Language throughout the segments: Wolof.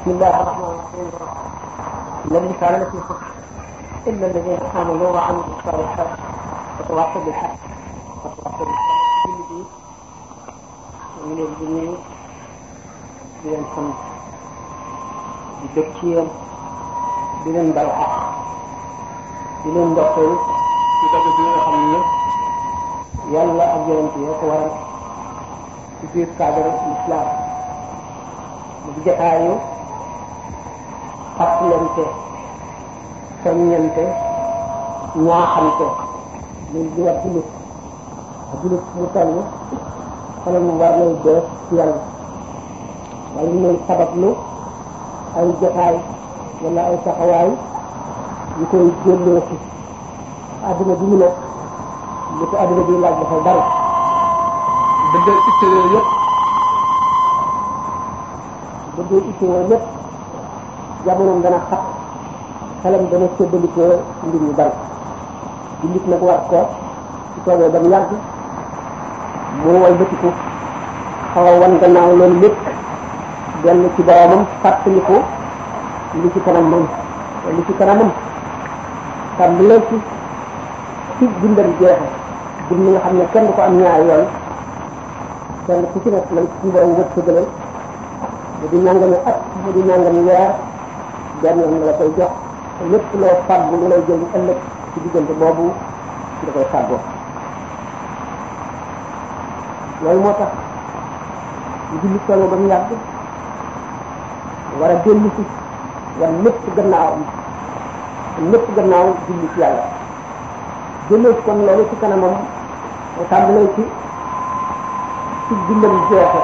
بسم الله الرحمن الرحيم الذي كان لكم حق إلا الذين آمنوا وعملوا الصالحات وتواصوا بالحق وتواصوا بالحق من الدنيا di leen sant di dëkk ci yéen di leen bal ak di leen ndokkeel ci daje bi nga xam ne yàlla ak yonent yi ko waral ci biir cadre islam mu jotaayu fàttalante soññante ñaaxante loolu di wax jullit mu toll xolam war nay bees ci yàlla wala muy sabablu ay jotaay wala ay taxawaay yu koy jélloo ci bi ñu nekk li ko adduna bi laaj dafa bari bëgg itte yooyu yëpp bëgg itte yooyu yëpp jamonoom dana xat xelam dana séddalikoo mbir yu bari jullit nag war ko su toogee ba mu yàgg mu wal bëtiku xaw wan gannaaw loolu lépp dellu ci boromam fàttaliku li ci kanam moom te ci kanamam tàmbalee ci ci dundam jeexe dund nga xam ne kenn du ko am ñaari yoon kenn di ñàngami at mu di ñàngami weer benn yoon la koy jox lépp loo fàggu lu lay jëriñ ëllëg ci diggante boobu da koy fàggoo loolu moo tax ñu julli solo ba mu yàgg war a dellu si wan lépp gannaaw lépp gannaaw julli ci yàlla jëlee si kon loolu ci kanamam tàmbalee ci ci jullam jeexe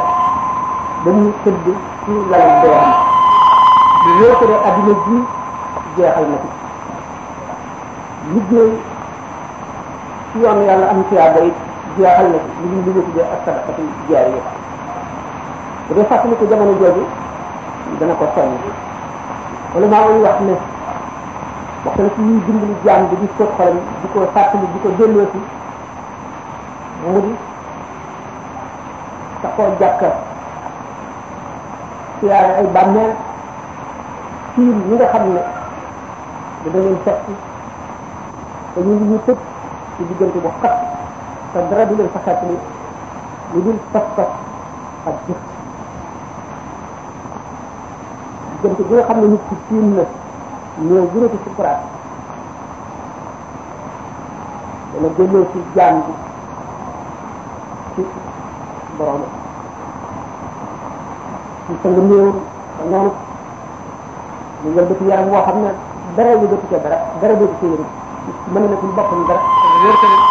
ba muy tëdd ci lalam doom léetaree adduna ji jeexal na ci liggéey ci yoon yàlla am tiyaaba it jeexal na ci li ñu liggéey tuddee ak sadaqatu jaariya bu dee fàttali ko jamono jooju dana ko sonn wala maa ngi wax ne wax na ci ñuy dimbali jaam bi di ko xolam di ko fàttali di ko delloo si mu di sa koo jàkka siyaare ay bàmmeel tiim ñi nga xam ne dina leen fekk te ñu ngi ñu tëj ci diggante bu xat ni lu dul pas-pas ak jëf diggante bi nga xam ne nit ki tiim na ñëw gënatu sukuraat dana génnee ci jaam bi ci borom ci sa nga néew noonu muy yëngatu yaram woo xam ne dara yëngatu ca dara dara dootu ca yëngu mën na nekk boppam dara wér tamit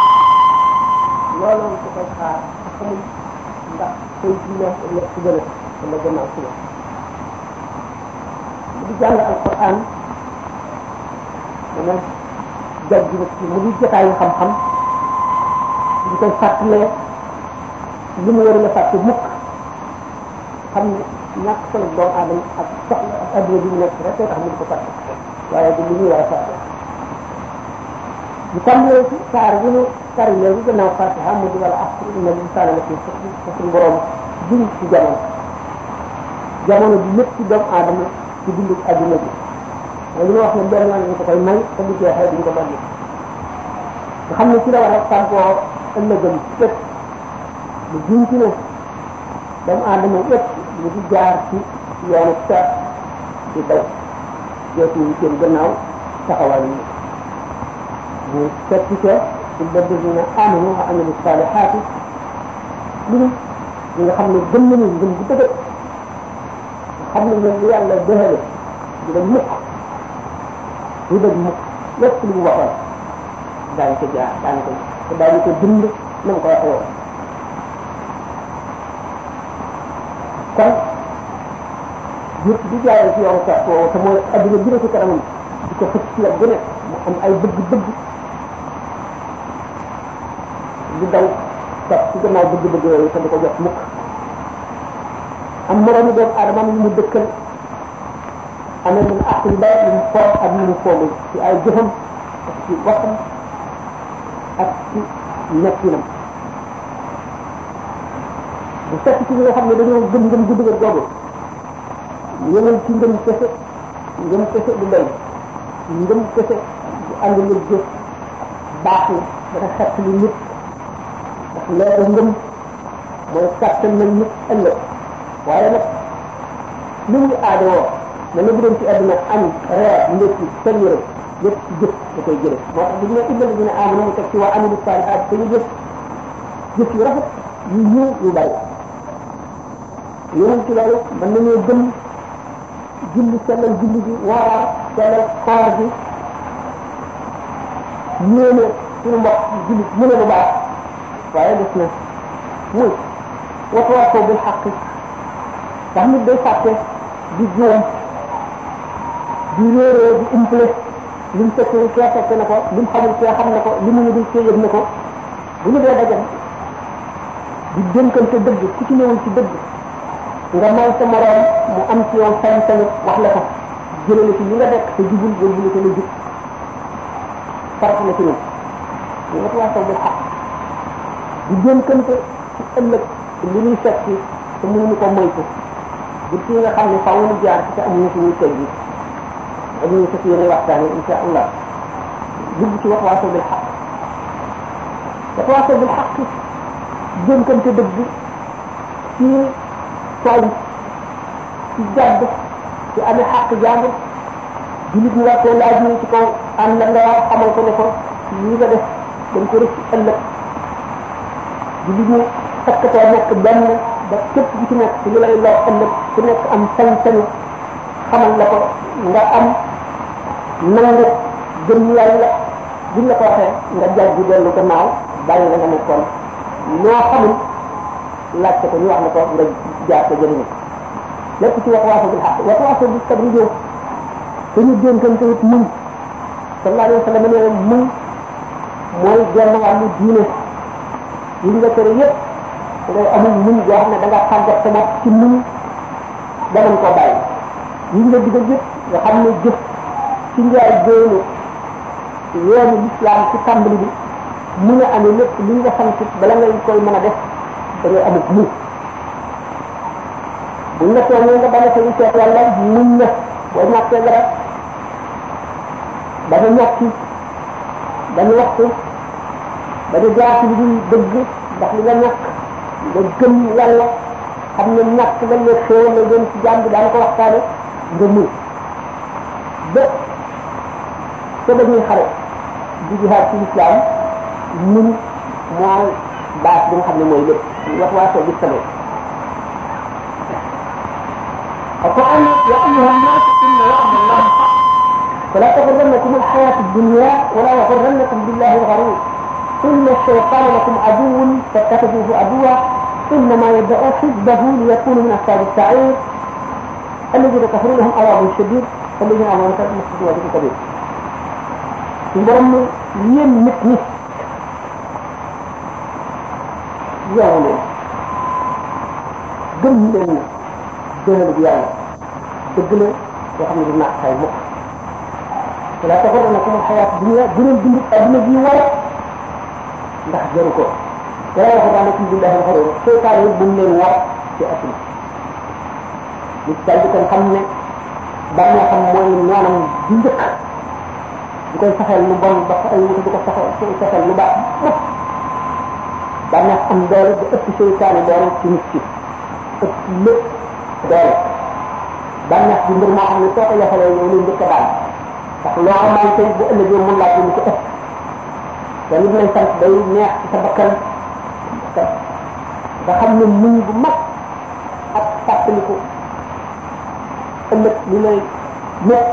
loolu ko koy xaar xamul ndax koy dina nekk si gën a wala gannaaw si mu di jàng alquran dana jag ji ci mu di jotaayu xam-xam di koy fàttalee li mu war a la fàtte mukk xam ne ñàkk solo doomu aadama ak soxla ak adduna bi mu nekk rek tax mu di ko fàtte waaye du lu ñuy war a fàtte ñu tàmbalee ci saar bi ñu saar yi léegi gannaaw fatiha mu di wala asr inna l'insana lafi xusr te suñu borom dund ci jamono jamono bi lépp ci doomu aadama ci dundu adduna bi mooy li ma wax ne benn yoon ñu ko koy may te bu jeexee duñ ko dolli nga xam ne ci la war a tàggoo ëllëgam lépp mu jiw ci ne doomu aadama yépp ñu di jaar ci yoonu ca di daw jootu yi seen gannaaw taxawal yi mu setti ca alladina amanu wa amilu salihaati lu ñu ñi nga xam ne gëm nañu ngëm bu dëgg xam ne ñoom yàlla dëxale du dañ mukk du dañ mukk lépp lu mu waxoon daañu ko jaar daañu ko daañu ko dund na mu ko waxee woon yëpp di jaayal ci yoonu xeet a ci kanamam di ko xëcc ci wet gu am ay bëgg-bëgg di daw topp ci gannaaw bëgg-bëgg yooyu te du ko jot mukk am moroomi doomu aadama yu mu dëkkal amee mun àq yu bari yu mu foog ak yu mu foogul ci ay jëfam ak ci waxam ak ci nekkinam bu fekk ci ñi nga xam ne dañoo gëm gëm guddi googu yemal ci ngëm kese ngëm kese du doy ngëm kese du ànd lu jëf baax na dana xett lu nit ndax leeru ngëm mooy kàttan na nit ëllëg waaye nag li muy aadoo na la bu doon ci àdduna añ reer ndékki seen yëre lépp ci jëf da koy jële moo tax bu ñu ne illal dina aamanu mu teg ci waa amilu saalihaat te ñu jëf jëf yu rafet yu ñëw yu bari yeneen ci loolu mën nañoo gëm julli sellal julli gi woor sellal koor gi yéene suñu mu ne lu baax waaye des na muy watuwaat ko bil xaq ndax nit day fàtte di juum di réeree di umpale li mu fekkee kee fekke na ko li mu xamul kee xam na ko li mu yëgul kee yëg na ko bu ñu dee daje di dénkante dëgg ku ci newul ci dëgg nga may sa moroom mu am ci yow sañ tamit wax la ko jëlee ci li nga nekk te jubul wala lu ko lu jub farata la ci ñun li nga tuwaasaw bil xaq di gën kënte ci ëllëg li ñuy fekk te mënuñu ko moytu bu ci nga xam ne faaw ñu jaar ci te amuñu suñuy teg yi dañuy fas yéene waxtaane insha allah jublu ci waxwaasaw bil xaq waxwaasaw bil xaq gën kënte dëgg ci saay ci jàdd ci amee xàq jàmbur jullit ñi war koo laaj ci kaw am na nga xamal ko ne ko lii nga def dañ ko rëcc ëllëg jullit ñi takkatoo nekk benn ba nekk lu lay loo ëllëg ku nekk am sañ-sañu xamal la ko nga am nangu gëm yàlla buñ la ko waxee nga jàjji dellu gannaaw bàyyi la nga nekkoon loo xamul laajte ko ñu wax la ko nga jaar ko jëriñu lépp ci waxwaaso bil xaq waxwaaso bi sabri jëw dañu dénkante it muñ sallallahu alayhi wa sallam nee na muñ mooy genn wàllu diine yi nga tere yëpp ngay amul muñ boo xam ne da nga tàggat sa ci muñ danañ ko bàyyi yi nga digal yëpp nga jëf ci njaay génnu yoonu lislaam ci tàmbali bi mun a amee lépp li nga xam bala ngay koy mën a def da ngay amul muñ nekkee ñu nga bañ a tegu seet yàlla muñ na boo ñàkkee dara ba ñu ñàkki ba ñu waxtu ba ñu jaar ci lu dëgg ndax li nga ñàkk nga gëm yàlla xam ne ñàkk nga ne xéewal la gën ci jàmm daan ko waxtaane nga muñ ba te xare di jihaad ci islam muñ mooy baax bi nga xam ne mooy lépp wax waa soo gis فقال يا ايها الناس ان وعد الله حق فلا تغرنكم الحياه الدنيا ولا يغرنكم بالله الغرور ان الشيطان لكم عدو فاتخذوه عدوا انما يدعو حزبه ليكونوا من اصحاب السعير الذين كفروا لهم عذاب شديد والذين امنوا لهم عذاب كبير borom yéen nit ñi yeewu leen gëm leen na dëgg yàlla dëgg la boo xam ne du naat say mukk wala taxoon na sama xayaat dunya gënoon dund adduna bii war ndax jaru ko yàlla wax daal ci billahi xaroon seytaan yi bu mu leen war ci adduna nit daal di kon xam ne daan xam mooy noonam di njëkk di koy saxeel lu bon ba ay wutu di ko saxeel saxeel lu baax mukk daan am doole di ëpp seytaan yi doole ci nit ci ëpp lépp doole bànneex bi mbir moo xam ne soo ko yafalee noonu njëkk a daal ndax loo xamante ni bu ëllëgee mun laaj lu ko ëpp te li xam ne muñ bu mag ak fàttaliku ëllëg li lay ñëpp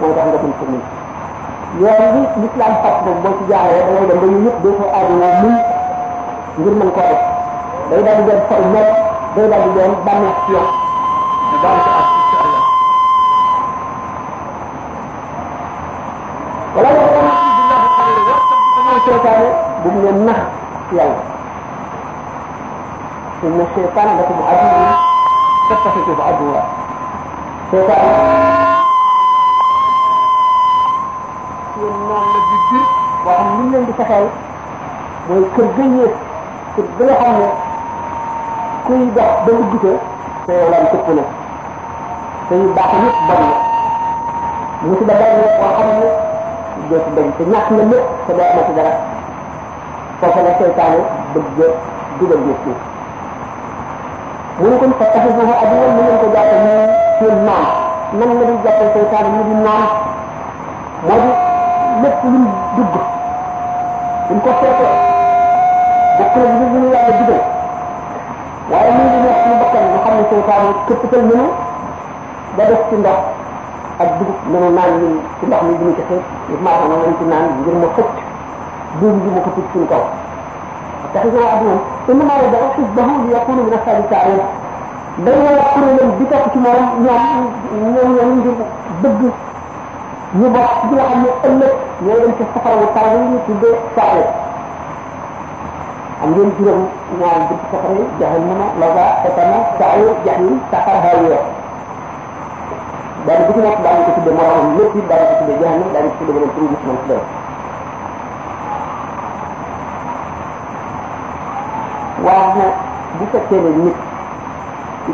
mooy tax nga mën ko muñ yoon bi l'islam fas boobu boo ci jaaree da ngay dem ba ñu ñëpp muñ ngir mën ko day daal di doon xol ñor day daal di doon bànneex ci yow ci yàlla inna seytaana lakum aduwwun fattaxiduuhu aduwwa seytaan seen noon la di biir boo xam ni leen di fexeel mooy kër ga yéeg kër ga nga xam ne kuy dox ba mu gise te yow laan tëpp na te yu baax yëpp bon na musiba bari na boo xam ne doo ci dañ te ñàkk na lépp te doo amati dara foofu la seytaane bëgg dugal nit ñi mu ne kon fa taxibuhu aduwwan mu ngeen ko jàppe mu seen naan nan la di jàppe seytaane mu di naan moo di lépp lu mu dugg lu mu ko seetee bokk na lu ñu yàlla dugal waaye mu ngi nekk lu bakkan nga xam ne seytaane këppital mënu ba def ci ndox ak dugub mënu naan ñun ci ndox mi dina ci xëy maa xam ne ci naan ngir ma xëcc diine ji moo ko tudd suñu kaw taxisoo adduna innama yad'u hizbahu li yakunu min ashabi sa'ir dañoo wax kuréelam di topp ci moom ñoom ñoom ñoom ngir bëgg ñu bokk ci nga xam ne ëllëg ñoo dem ci safara wu tar yi ñu tuddee sa'ir am ngeen juróom ñaari buntu safara yi jahannama laza xetana sa'ir jahim safar hawiya daal bu ci nekk daal ko tuddee moromam lépp it daal ko tuddee jahannam daal ko tuddee beneen tur gis moom si waaye bu fekkee ne nit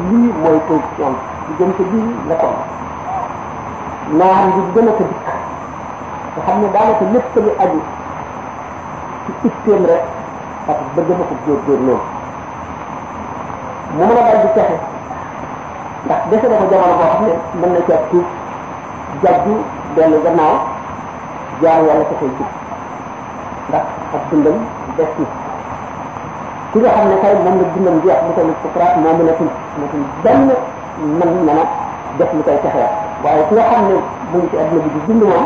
lii mooy condition bi jëm ci bii la ko naan bi gën a ko dikk nga xam ne daanaka lépp lu aju ci système rek parce bëgg a dal boo xam ne mën na caa jàddu dellu gannaaw jaar yàlla ko koy jub ndax ak dundam des na ki nga xam ne tey moom la dundam jeex mu toll sukuraat moo mënatul mënatul benn man mën a def lu koy texee waaye ki nga xam ne mu ngi ci adduna bi di dund moom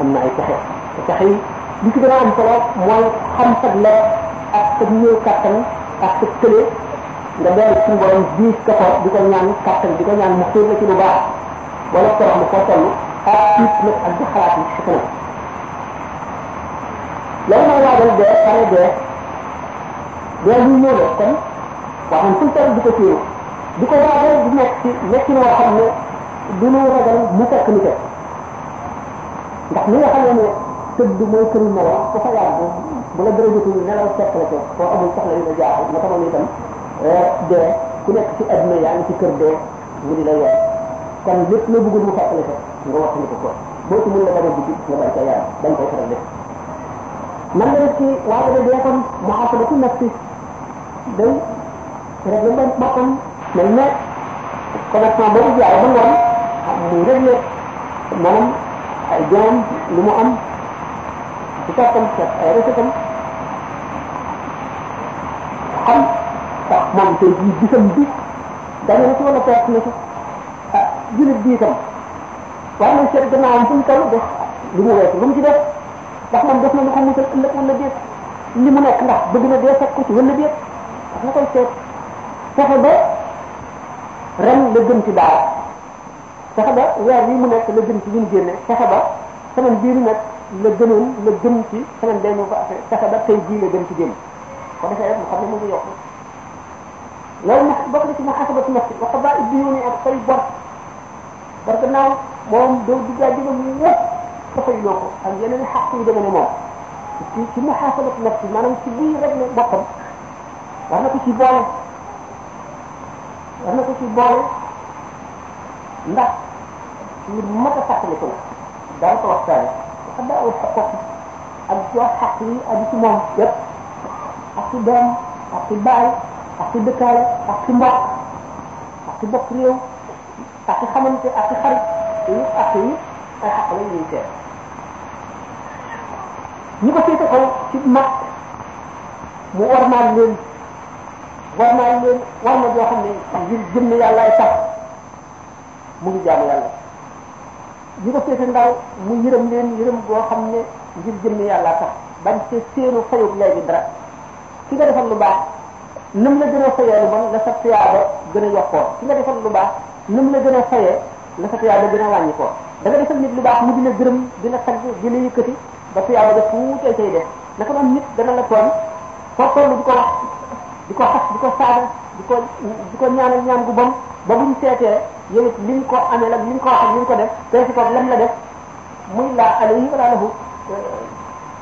am na ay texe te texe yi li ci gën a am solo mooy xam sa leer ak sa néew kattan ak sa tële nga doon suñu borom diis ko ko di ko ñaan kattan di ko ñaan mu xiir la ci lu baax wala ko mu ko toll ak tiit nag ak di xalaat yi ci kanam loolu mooy waajal dee pare dee loolu muy ñëw la kon waxam fu mu toll di ko téye di ko waajal di nekk ci nekk loo xam ne du ñu ragal mu fekk ni fekk ndax li nga xam ne tëdd mooy këru nelaw ku fa yàgg bu la dara jotul nelaw fekk la ko boo amul soxla yu la jaaxal naka noonu itam eh, dee ku nekk ci adduna yaa ngi ci kër dee mu di la yor kon lépp loo bëggul mu fekk la ko nga wax ni ko ko boo ci mën la dara dugg nga bañ ko yaay bañ koy faral def man la def ci waaye da dee kon mu xasala ci nafsi day réglé ba boppam mel ne commerçant boobu jaay ba ngoon muy réglé maanaam ay jaam lu mu am ci kàttan seet ay recetam xam sax moom tey jii gisam bi dañu ci wala perte na ci ah jullit bi itam war nañ seet gannaawam fu mu toll def li mu weesu lu mu ci def ndax moom def na lu ko musal ëllëg wala déet li mu nekk ndax bëgg na dee fekk ko ci wala déet ñu koy fexe ba ren la gën ci daaw fexe ba weer wi mu nekk la gën ci ñu génne fexe ba semaine bii mu nekk la gënoon la gën ci semaine bee ñu ko affaire fexe ba tey jii la gën ci génn ko defee rek mu xam ne mu ngi yokku loolu nag bokk na ci muhasabatu nafsi wa qadaa'u duyuuni ak fay bor bor gannaaw moom doo duggaa jëga mu wépp dafay loo ko ak yeneen xaq yu demee ne moom ci ci muhasabatu nafsi maanaam ci lii rek ne boppam war na ko ci boole war na ko ci boole ndax lu mat a fàttaliku la daan ko waxtaane xam daa ut xaq ak jox xaq yi ak ci moom yépp ak ci doom ak ci baay ak xarit yëpp ak yi ay xaq la ñuy seet ñi ko féete kaw mu ormaal leen warmaal leen warma joo xam ne ngir jëmm yàllaay tax mu ngi jaamu yàlla ñi ko féete ndaw mu yërëm leen yërëm boo xam ne ngir jëmm yàllaa tax bañ te seenu fayub lay bi dara ki nga defal lu baax nëm na gën a fayee lu bon la sa tuyaaba gën a ki nga defal lu baax nam la gën a fayee la sa tuyaaba gën a wàññi koo da nga defal nit lu baax mu dina gërëm dina tagg dina yëkkati ba tuyaaba ga fuutee cay def naka noonu nit dana la tooñ foo toll di ko wax di ko xas di ko saaga di ko di ñaan gu bon ba buñ seetee yéen it liñ ko amee nag liñ ko wax ak liñ ko def tey si toog lan def muy laa alayhi wala lahu euh,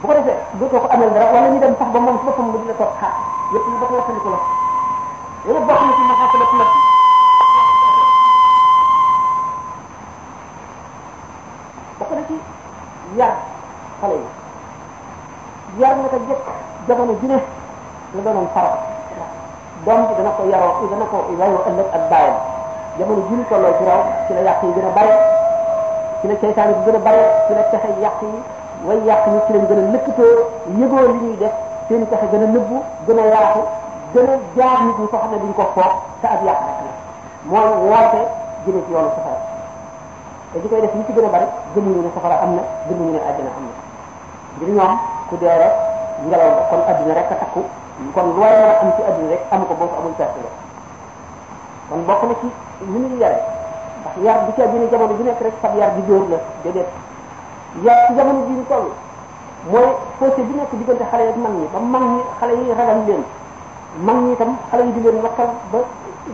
bu ko defee dootoo ko amel dara wala ñu dem sax ba moom si boppam mu di la toog xaar ah, yëpp ñu ba ko waxandiku la yéen it boo xam ne si maxaasalat nag bokk na ci yar xale yi yar naka jamono ju ne doom bi dana ko yaroo dana ko yaroo ëllëg ak bàyyam jamono ji ñu tolloo ci raw ci la yàq gën a bari ci la seytaan yi gën a bari ci la pexe yàq yi way yàq yi ci lañ gën a lëkkatoo yëgoo li ñuy def seen pexe gën a nëbbu gën a yaatu gën a jaar nit ñi ko xam ne duñ ko foog te ak yàq rek la mooy woote jëme ci yoonu safara te di koy ci gën a bari gëmuñu ne safara am na gëmuñu ne àddina am na ngir ñoom ku dee rek ngelaw la kon àddina rek a takku kon lu waaye war a am ci adduna rek am ko boo ko amul perte la kon bokk na ci ñu ngi yare ndax yar bi ci adduna jamono bi nekk rek sab yar bi dóor la déedéet yar ci jamono bii ñu toll mooy fossé bi nekk diggante xale ak mag ñi ba mag ñi xale yi ragal leen mag ñi tam xale yi di leen wakkal ba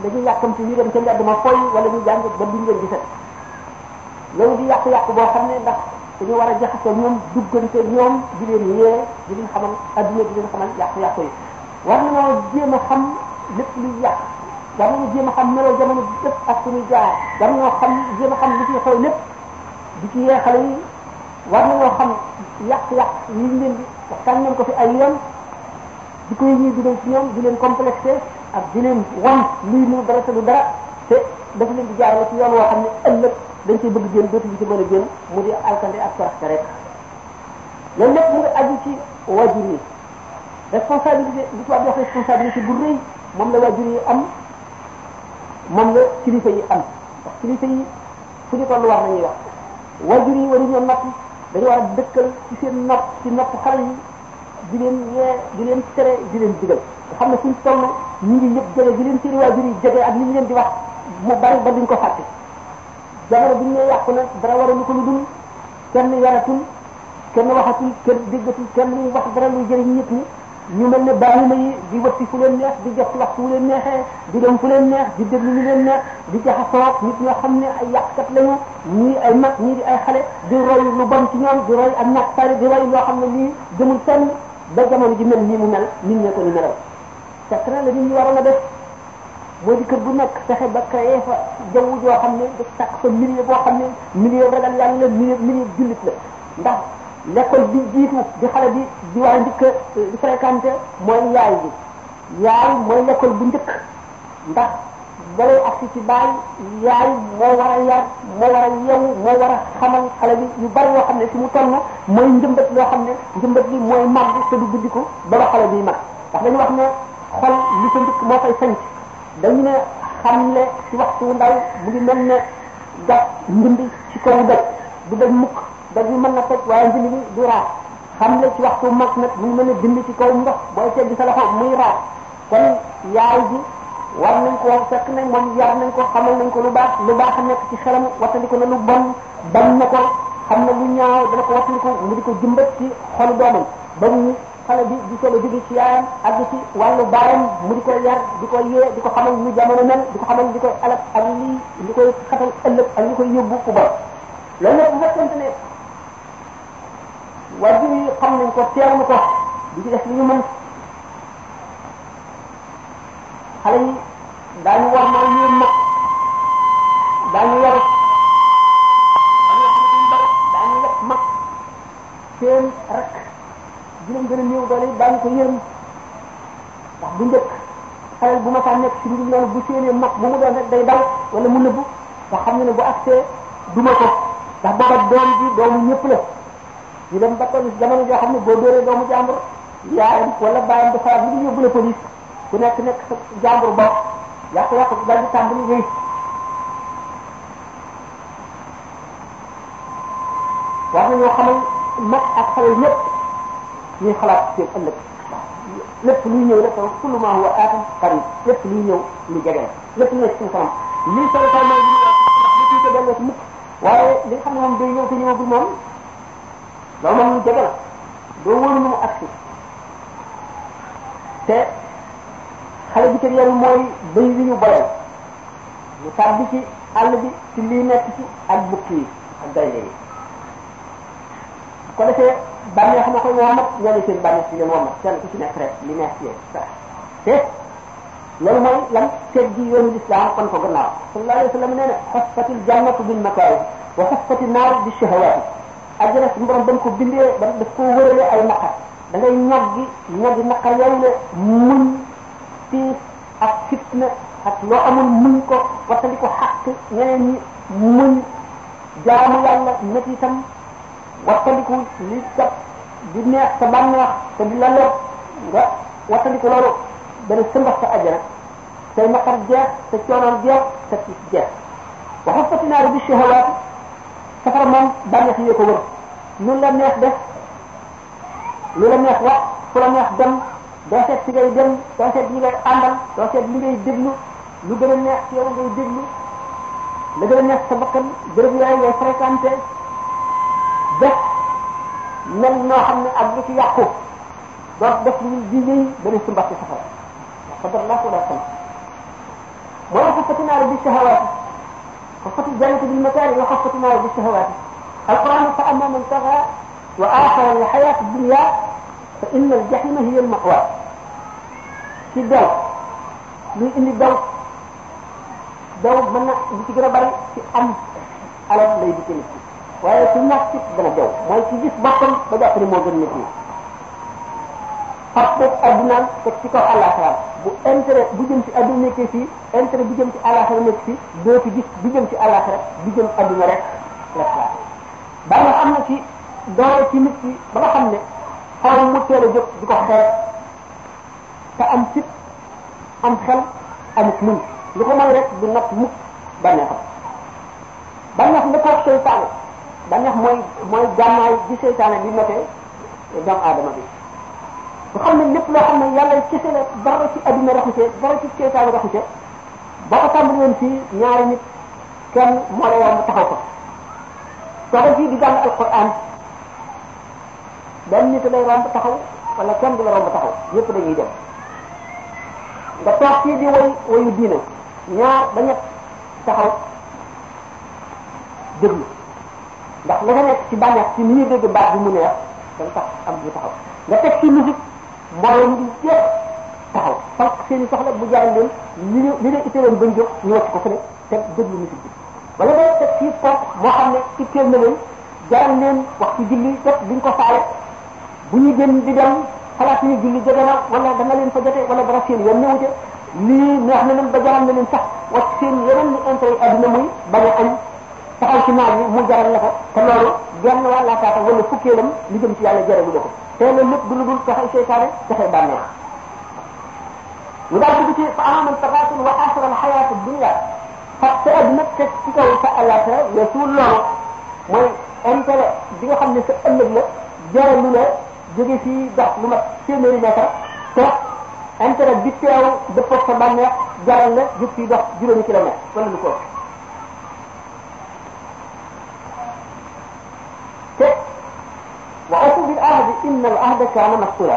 dañuy yàkkamti ñu dem ca mbedd ma fooy wala ñu jàng ba duñ leen gisat loolu di yàqu-yàqu boo xam ne ndax dañu war a jaxasoo ñoom duggante ñoom di leen yee di leen xamal adduna di leen xamal yi war nañoo jéem a xam lépp luy yàq war nañoo jéem a xam meloo jamono bi lépp ak suñuy jaar war nañoo xam jéem a xam li ci xew lépp di ci yee xale yi war nañoo xam yàq-yàq yi ñu leen di waxtaan nañ ko fi ay yoon di koy ñuy dugal ci ñoom di leen complexé ak di leen wan luy mu dara te du dara te dafa leen di jaarale ci yoon woo xam ne ëllëg dañ ciy bëgg génn dootuñu ci mën a génn mu di ak soraxte rek loolu lépp mu ngi aju ci wajur yi responsabilité li tubaab di wax responsabilité bu rëy moom la waajur yi am moom la kilifa yi am ndax kilifa yi fu ñu toll war nañuy wax waajur yi waruñoo nopp dañu war a dëkkal ci seen nopp ci nopp xale yi di leen yee di leen tere di leen digal nga xam ne fuñ toll ñu ngi ñëpp jege di leen seen waajur yi jege ak li ñu leen di wax mu bari ba duñ ko fàtte jamono bu ñu nee yàqu nag dara waralu ko lu dul kenn yaratul kenn waxatul kenn déggatul kenn luy wax dara luy jëriñ nit ñi ñu mel ne bàyyima yi di wëtti fu leen neex di jot waxtu wu leen neexee di dem fu leen neex di déglu lu leen neex di jaxasoo nit ñoo xam ne ay yàqkat lañu ñii ay mag ñii ay xale di roy lu bon ci ñoom di roy am naq pare di roy loo xam ne lii gëmul fenn ba jamono ji mel ne mu mel nit ñee ko ni melal fekk na la nit ñi waroon a def mooy di kër bu nekk fexe ba créé fa jaww joo xam ne da sàkk fa milieu boo xam ne milieu ragal yàlla la milieu milieu jullit la l'école bi jiitu bi xale bi di war a njëkk euh, di fréquenté mooy yaay bi yaay mooy l'école bu njëkk ndax balay agsi ci baay yaay moo war a yar moo war a yeewu moo war a xamal xale bi yu bari yoo xam ne si mu toll mooy njëmbat loo xam ne njëmbat bi mooy màgg te du guddiku ba ba xale biy mag ndax dañu wax ne xol li sa njëkk moo koy sanc dañu ne xamle si waxtu ndaw mu ngi mel ne gas ndimbi ci kaw doj du dañ mukk daj bi mën na toj waaye njënd bi du raar xam le ci waxtu mag nag muy mën a bind ci kaw ndox booy teggi sa loxo muy raar kon yaay ji war nañ ko fekk ne moom yar nañ ko xamal nañ ko lu baax lu baax nekk ci xelam wattandiku na lu bon bañ na ko xam na lu ñaaw dana ko wattandiku mu di ko jëmbat ci xolu doomam ba mu xale bi di soog a jóge ci yaayam ak ci wàllu baayam mu di ko yar di ko yee di ko xamal lu jamono mel di ko xamal li koy alal ak li li koy xatal ëllëg ak li koy yóbbu ku ne waajur yi xam nañ ko teewlu ko di ci def li ñu mën xale war maa ñuy mag daañu yaru daañu yëpp mag seen rek dinañ gën a néew doole yi ko yërëm ndax bu njëkk xale bu ma saa nekk si lu noonu bu séenee mag bu mu doon rek day daw wala mu nëbbu nga xam ne ne bu accès duma ko ndax booba doom bi doomu ñëpp la ñu dem ba toll jamono joo xam ne boo dóoree doomu jàmbur yaayam wala bàyyam dafa am lu ñu yóbbu la police ku nekk nekk sa jàmbur bopp yàqu-yàqu bi daal di tàmbali wéy war nañoo xamal mag ak xale ñëpp ñuy xalaat seen ëllëg lépp luy ñëw rek tamit kullu maa huwa aatin qarib lépp luy ñëw lu jege lépp lu nekk suñu kanam lii solo tam mooy li ñu wax li ñu ko dellee mukk waaye li nga xam ne moom day ñëw te ñëwagul moom loolu moom dëgg la doo wóolu mu agsi te xale bi teg yooyu mooy bëy wi ñu boyal mu tàbbi ci àll bi ci lii nekk ci ak bukki yi ak gaynde yi bu ko defee bànneex na koy woomat ñoom seen bànneex bi leen woomat kenn ku ci nekk rek li neex ci yow sax te loolu mooy lan teg gi yoonu lislaam kon ko gannaaw sallallahu alayhi wa sallam nee na xasfatil jannatu bil makaari wa xasfatil naaru bi shahawaati àjjana suñu borom ba mu ko bindee ba daf ko wërale ay naqar da ngay ñoggi ñoggi naqar yooyu la muñ tiis ak fitna ak loo amul muñ ko wasali ko xàq ñeneen ñi muñ jaamu yàlla métti itam wattandiku di neex sa bànneex te di la lor nga wattandiku loolu dana sëmbax sa ajjana say naqar jeex sa coonoon jeex sa tiis jeex waxu fatinaari bi shahawaati safara moom bànneex yi ko wër lu la neex def lu la neex wax fu la neex dem doo seet dem doo seet ñi ngay àndal doo seet li ngay déglu lu gën a neex ci yow ngay déglu la gën a neex sa bakkan bërëb yooyu ngay fréquenté def mel noo xam ne ak lu ci yàqu doo def ñu di yëy dana sumbat ci safara bi shahawaati خفة الجنة بالمكاره وخفة النار بالشهوات القرآن فأما من طغى وآخر الحياة الدنيا فإن الجحيم هي المأوى ci daw luy indi daw daw mën na li ci gën a bari ci am alal lay dikkee nit ki waaye ci ñàkk ci dana daw mooy ci gis boppam ba jàpp ne moo gën nit ñi fàtte addunaan teg ci kaw àllaaxiraam bu intérêt bu jëm ci adduna nekkee fii intérêt bu jëm ci àllaaxira nekk fii bu jëm ci àllaaxira bu jëm adduna rek la xalaat baa nga am na ci doole ci nit ki ba nga xam ne xaw mu teel a jóg di ko xeex te am fit am xel amit muñ lu ko may rek du nag mukk bànneexam bànneex mooy mooy gànnaay bi seytaane bi notee doomu aadama bi nga xam ne lépp loo xam ne yàlla kese la dara ci adduna raxu ca dara ci seytaane raxu ca boo ko tàmbali woon fii ñaari nit kenn moo la yomb taxaw ko soo fii di jàng alquran benn nit lay romb taxaw wala kenn du la romb taxaw ñëpp dañuy dem nga toog fii di woy woyu diina ñaar ba ñett taxaw déglu ndax la nga nekk ci bànneex ci ni ñuy dégg baat bi mu neex dana tax am du taxaw nga teg ci musique mboolem bi yëpp taxaw parce que soxla bu jaay leen li ñu li leen itteeloon bañ jóg ko fële te déglu musique bi wala day teg fii kooku moo xam ne itteel na leen jaay leen wax ci julli te duñ ko faale bu ñu gën di dem xalaat ñu julli jóge na wala dana leen fa jotee wala dara seen yoon newute lii neex na leen ba jaral na leen sax wax seen yeneen ni intérêt adduna muy bañ a añ taxaw ci naaj bi mu jaral la ko te loolu genn wàllaataa wala fukkeelam li jëm ci yàlla jaragu la ko. te loolu lépp du lu dul pexe seytaane pexe bànneex ñu daal dugg ci fa amaaman taraasun wa aaxira alxayaatu dunya parce que adduna te ci kaw sa àllaaxira weesuwul loolu mooy intérêt bi nga xam ne sa ëllëg la jaral lu la jóge fii dox lu mat téeméeri mètre te intérêt bi teew dëppoo sa bànneex jaral la jóg fii dox juróomi kilomètre wala lu ko ahdi inna al ahda kaana mas'uula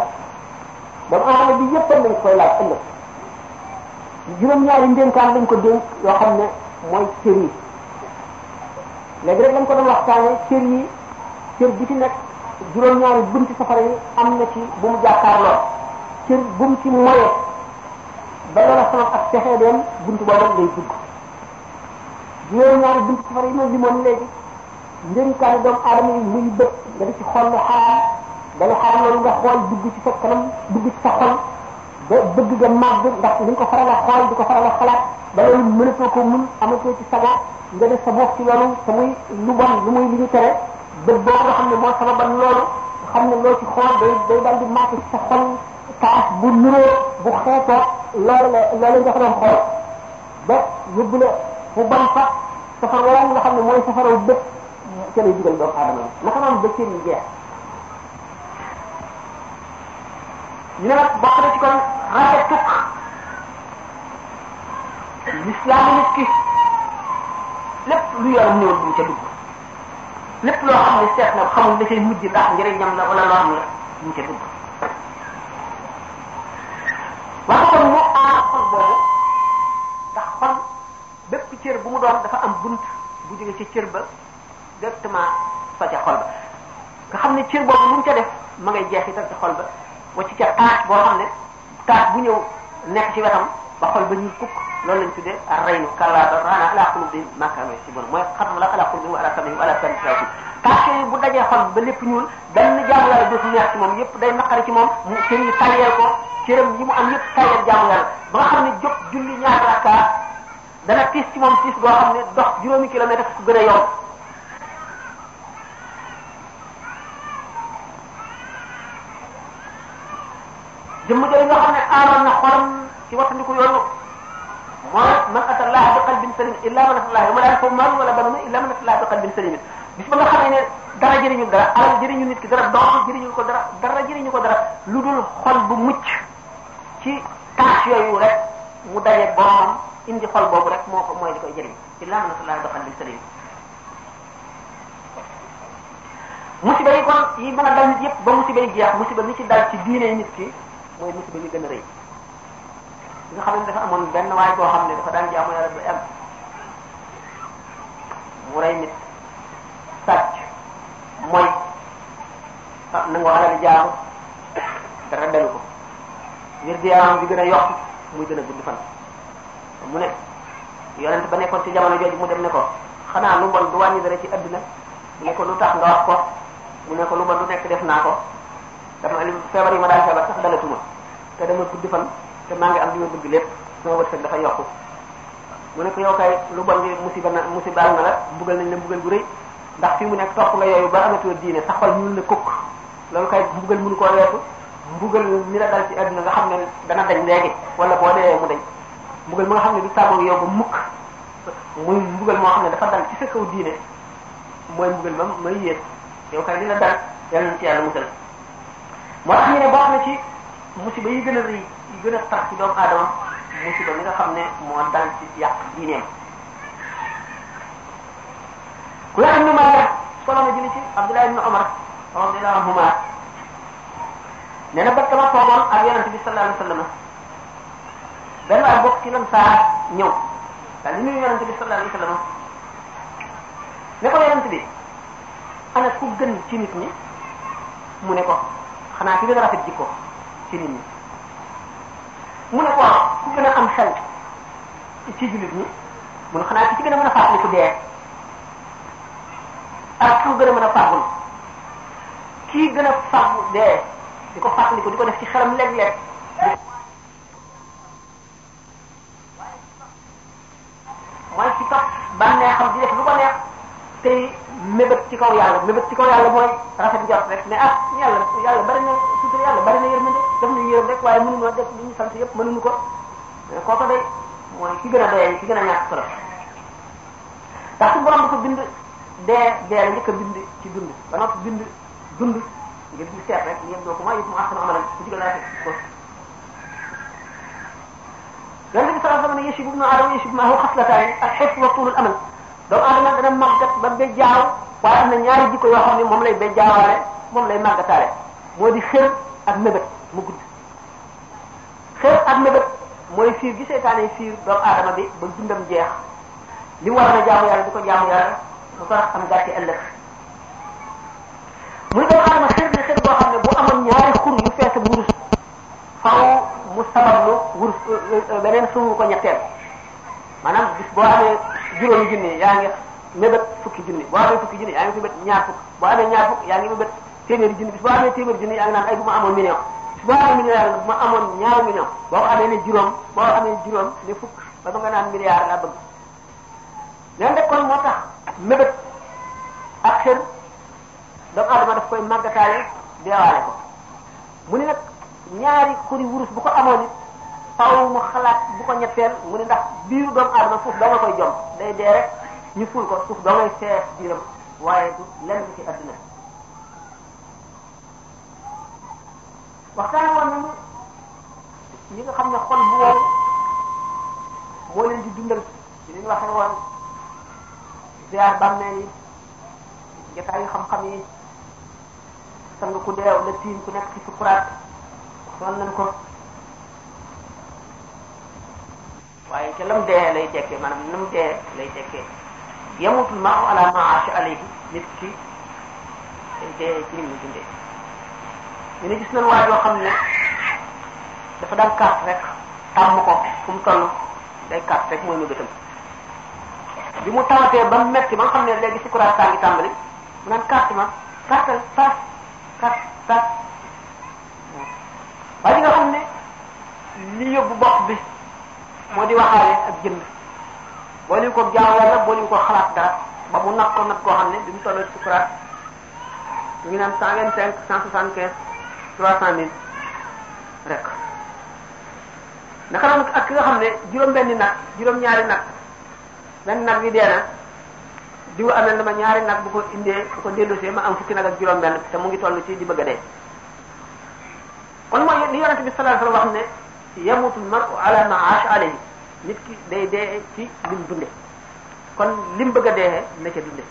doomu aadama bi yëpp lañ koy laaj ëllëg juróom-ñaari ndénkaan lañ ko dénk yoo xam ne mooy cër yi léegi rek lañ ko doon waxtaanee cër yi cër bi ci nekk juróom-ñaari bunti safara am na ci bu mu jàkkaarloo cër bu mu ci moyee ba loola sama ak pexe dem buntu boobu lay dugg juróom-ñaari bunti safara yi li moom léegi ndénkaani doomu aadama yi muy bët nga di ci xool lu xaar dana xaar loolu nga xool dugg ci sa kanam dugg ci sa xol ba bëgg nga màgg ndax ni nga ko faral a xool di ko faral a xalaat ba loolu mënatoo ko mun amatoo ci sago nga def sa bopp ci loolu te muy lu bon lu muy li ñu tere bët boobu nga xam ne moo sababan loolu xam ne loo ci xool day day daal di màgg ci sa xol taas bu nuroo bu xeetoo loolu la loolu nga ko doon xool ba yóbbu la fu ban fa safar waraan nga xam ne mooy safaraw bët ca lay digal doomu aadama naka naan bëccëg yi jeex ñu ne nag bokk na ci kon rafetuk lislaam nit ki lépp lu yor néew bu ca dugg lépp loo xam ne seet na xamul da cay mujj ndax njëriñam la wala loo xam ne bu ca dugg wax kon mu aar xol boobu ndax bépp cër bu mu doon dafa am bunt bu jóge ci cër ba directement fa ca xol ba nga xam ne cër boobu lu mu ca def ma ngay jeexital ca xol ba wacc ca taat boo xam ne taat bu ñëw nekk ci wetam ba xol ba ñuy kukk loolu lañ tuddee raynu kalla bal raana ala qulubihim ma kaanu yaksibun mooy xatam la ala qulubihim wa ala samihim wa ala absarihim taat yooyu bu dajee xol ba lépp ñuul benn jaamu yàlla dootu neex ci moom yépp day naqari ci moom mu cër yi tàyyeel ko cëram mu am yépp tàyyeel jaamu yàlla ba nga xam ne jóg julli ñaar rakka dana tiis ci moom tiis boo xam ne dox juróomi kilomètre ku gën a yomb jëmm jëli nga xam ne aaroon na xolam ci wattandiku yoonu mooy man atallaha bi qalbin salim illa man atallaha ma daan foofu maam wala banuma illa man atallaha bi qalbin salim ko dara dara jëriñu ko dara lu dul xol mu daje boromam indi xol boobu ko mooy li koy jëriñ illa man atallaha salim musiba yi kon yi mën a yëpp ba musiba yi jeex musiba li ci dal ci diine nit ki mooy musiba ñu gën a rëy nga xam ne dafa amoon benn waay boo xam ne dafa daan jaamu yàlla mu rey nit sàcc mooy ah nangoo alal jaamu dara delu ko wér gu bi gën a yokk muy gën a gudd fan mu ne yonent ba nekkoon ci jamono jooju mu dem ne ko xanaa lu bon du wàññi dara ci adduna mu ne ko lu tax nga wax ko mu ne ko lu bon du nekk def naa ko dama ne feebar yi ma daan feebar sax dalatuma te dama guddi fan te maa ngi am li ma bëgg lépp sama wërsëg dafa yokku mu ne ko lu bon li musiba na musibaal na la mbugal nañ la mbugal bu rëy ndax fi mu nekk topp nga yooyu ba amatoo diine sa xol ñuul ne kukk loolu kay mbugal mënu koo weesu mbugal mi la dal ci àdduna nga xam ne dana dañ léegi wala boo dee mu dañ mbugal mu nga xam ne du tàggoo yow ba mukk muy mbugal moo xam ne dafa dal ci sa kaw diine mooy mbugal mam mooy yées yow kay li la dal yàlla na ci moo tax ñu ne baax ci musiba yi gën a rëy yi gën a tar ci doomu aadama musiba nga xam ne moo dal ci yàq diineem ku yàq nu Maaja solo na jëli ci Abdullah ibnu Omar radiyallahu anhuma nee na ba dama toogoon ak yonente bi sallallahu alayhi wa sallam benn waay bokk ci lan saa ne ko yonente bi ana ku gën ci nit ñi mu ne ko xanaa ki gën a rafet jikko ci nit ñi mu ne ko ku gën a am xel ci jullit ñi mu ne xanaa ki ci gën a mën a ku dee ak ku gën a mën a gën a fàggu dee di ko fàttali ko di ko def ci xelam léeg-léeg mooy ci topp bànneexam di def lu ko neex tey mébét ci kaw yàlla mébét ci kaw yàlla mooy rafet njort rek ne ah yàlla yàlla bari na sutur yàlla bari rek waaye mënuñoo def li ñu sant yëpp mënuñu ko kooko day mooy ki gën a doyee ki gën a ñàkk solo ndax su borom dafa bind dee dee la njëkk a bind ci dund ba noppi bind dund ngir di seet rek yëpp doo ko mooy yëpp mu axsan amalan ku ci gën a rafet ko yonent bi sallallahu alayhi wa sallam yashib ibnu aadama yashib maahu xaslataani al xif wa tuulul amal doomu aadama dana màggat ba bejjaaw waaye am na ñaari jikko yoo xam ne moom lay bejjaawaale moom lay màggataale moo di xër ak mébét mu gudd xër ak mébét mooy fiir gi seytaane fiir doomu aadama bi ba dundam jeex li war na jaamu yàlla di ko jaamu yàlla mu ko am gàcce ëllëg muy doomu aadama xër na xër boo xam ne bu amoon ñaari xur yu fees wurus faw mu sabablu wurus beneen sumu ko ñetteel maanaam gis boo amee juróom junni yaa ngi mébét fukki junni boo amee fukki junni yaa ngi mébét ñaar fukk boo amee ñaar fukk yaa ngi mébét téeméeri junni bis boo amee téeméeri junni yaa ngi naan ay bu ma amoon million amee million yaa ngi amee ne juróom boo fukk ba ba naan milliard laa bëgg leen rek kon moo tax mébét ak xër doomu aadama daf koy màggataale deewaale ko mu ne nag ñaari xuri wurus bu ko amoon faaw xalaat bu ko ñetteel mu ne ndax biiru doomu aadama suuf doo koy jom day dee rek ñu ful ko suuf doo ngay sees biiram waaye du lenn ci adduna waxtaan woon nañu nga xam ne xol bu wow moo leen di dundal ci li ñu waxee woon ziar bàmmeel yi jotaay yu xam-xam yi sang ku deew la tiim ku nekk ci sukuraat waxoon nañ ko waaye ca lam dee lay tekkee maanaam nam dee lay tekkee yamutul maa ala maash alayhi nit ki day dee ci ni mu dundee ñu ne gis nañ waa joo xam ne dafa daan kàtt rek tàmm ko fu mu toll rek mooy mu bëtam bi mu tawatee ba metti ba nga xam ne léegi si courage saa ngi tàmbali mu naan kàtt ma kàttal paas kàtt paas waaye nga xam ne li yóbbu bopp moo di waxaale ak jënd boo leen ko jaamu yàlla boo leen ko xalaat dara ba mu nag ko nag koo xam ne bi mu toll sukuraat ñu ngi naan cent vingt cinq ki nga xam ne juróom benni juróom ñaari nag benn nag bi dee na diw na ma ñaari nag bu ko indee bu ko dellusee ma am fukki nag ak juróom benn te mu ngi toll ci di bëgg a dee kon mooy li yonente bi sallallahu alayhi wasallam wax ne yamutul mar'u ala ma aasha alayhi nit ki day dee ci lim dunde kon lim bëgg a dee na ca dunde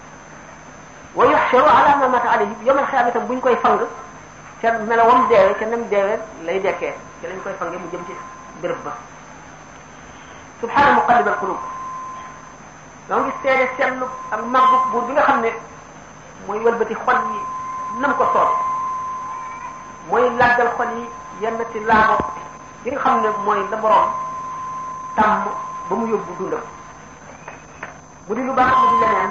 wa yuhsharu ala ma mata alayhi yomal xiyaam itam bu ñu koy fang ca melawam deewee ca nem deewee lay dekkee ca lañ koy fange mu jëm ci béréb ba subhaana muqallib al qulub doo ngi seede seetlu ak maggu buur bi nga xam ne mooy wëlbati xol yi nam ko soob mooy laggal xol yi yenn ci laago li nga xam ne mooy la borom tàmm ba mu yóbbu dundam bu di lu baax mu di leneen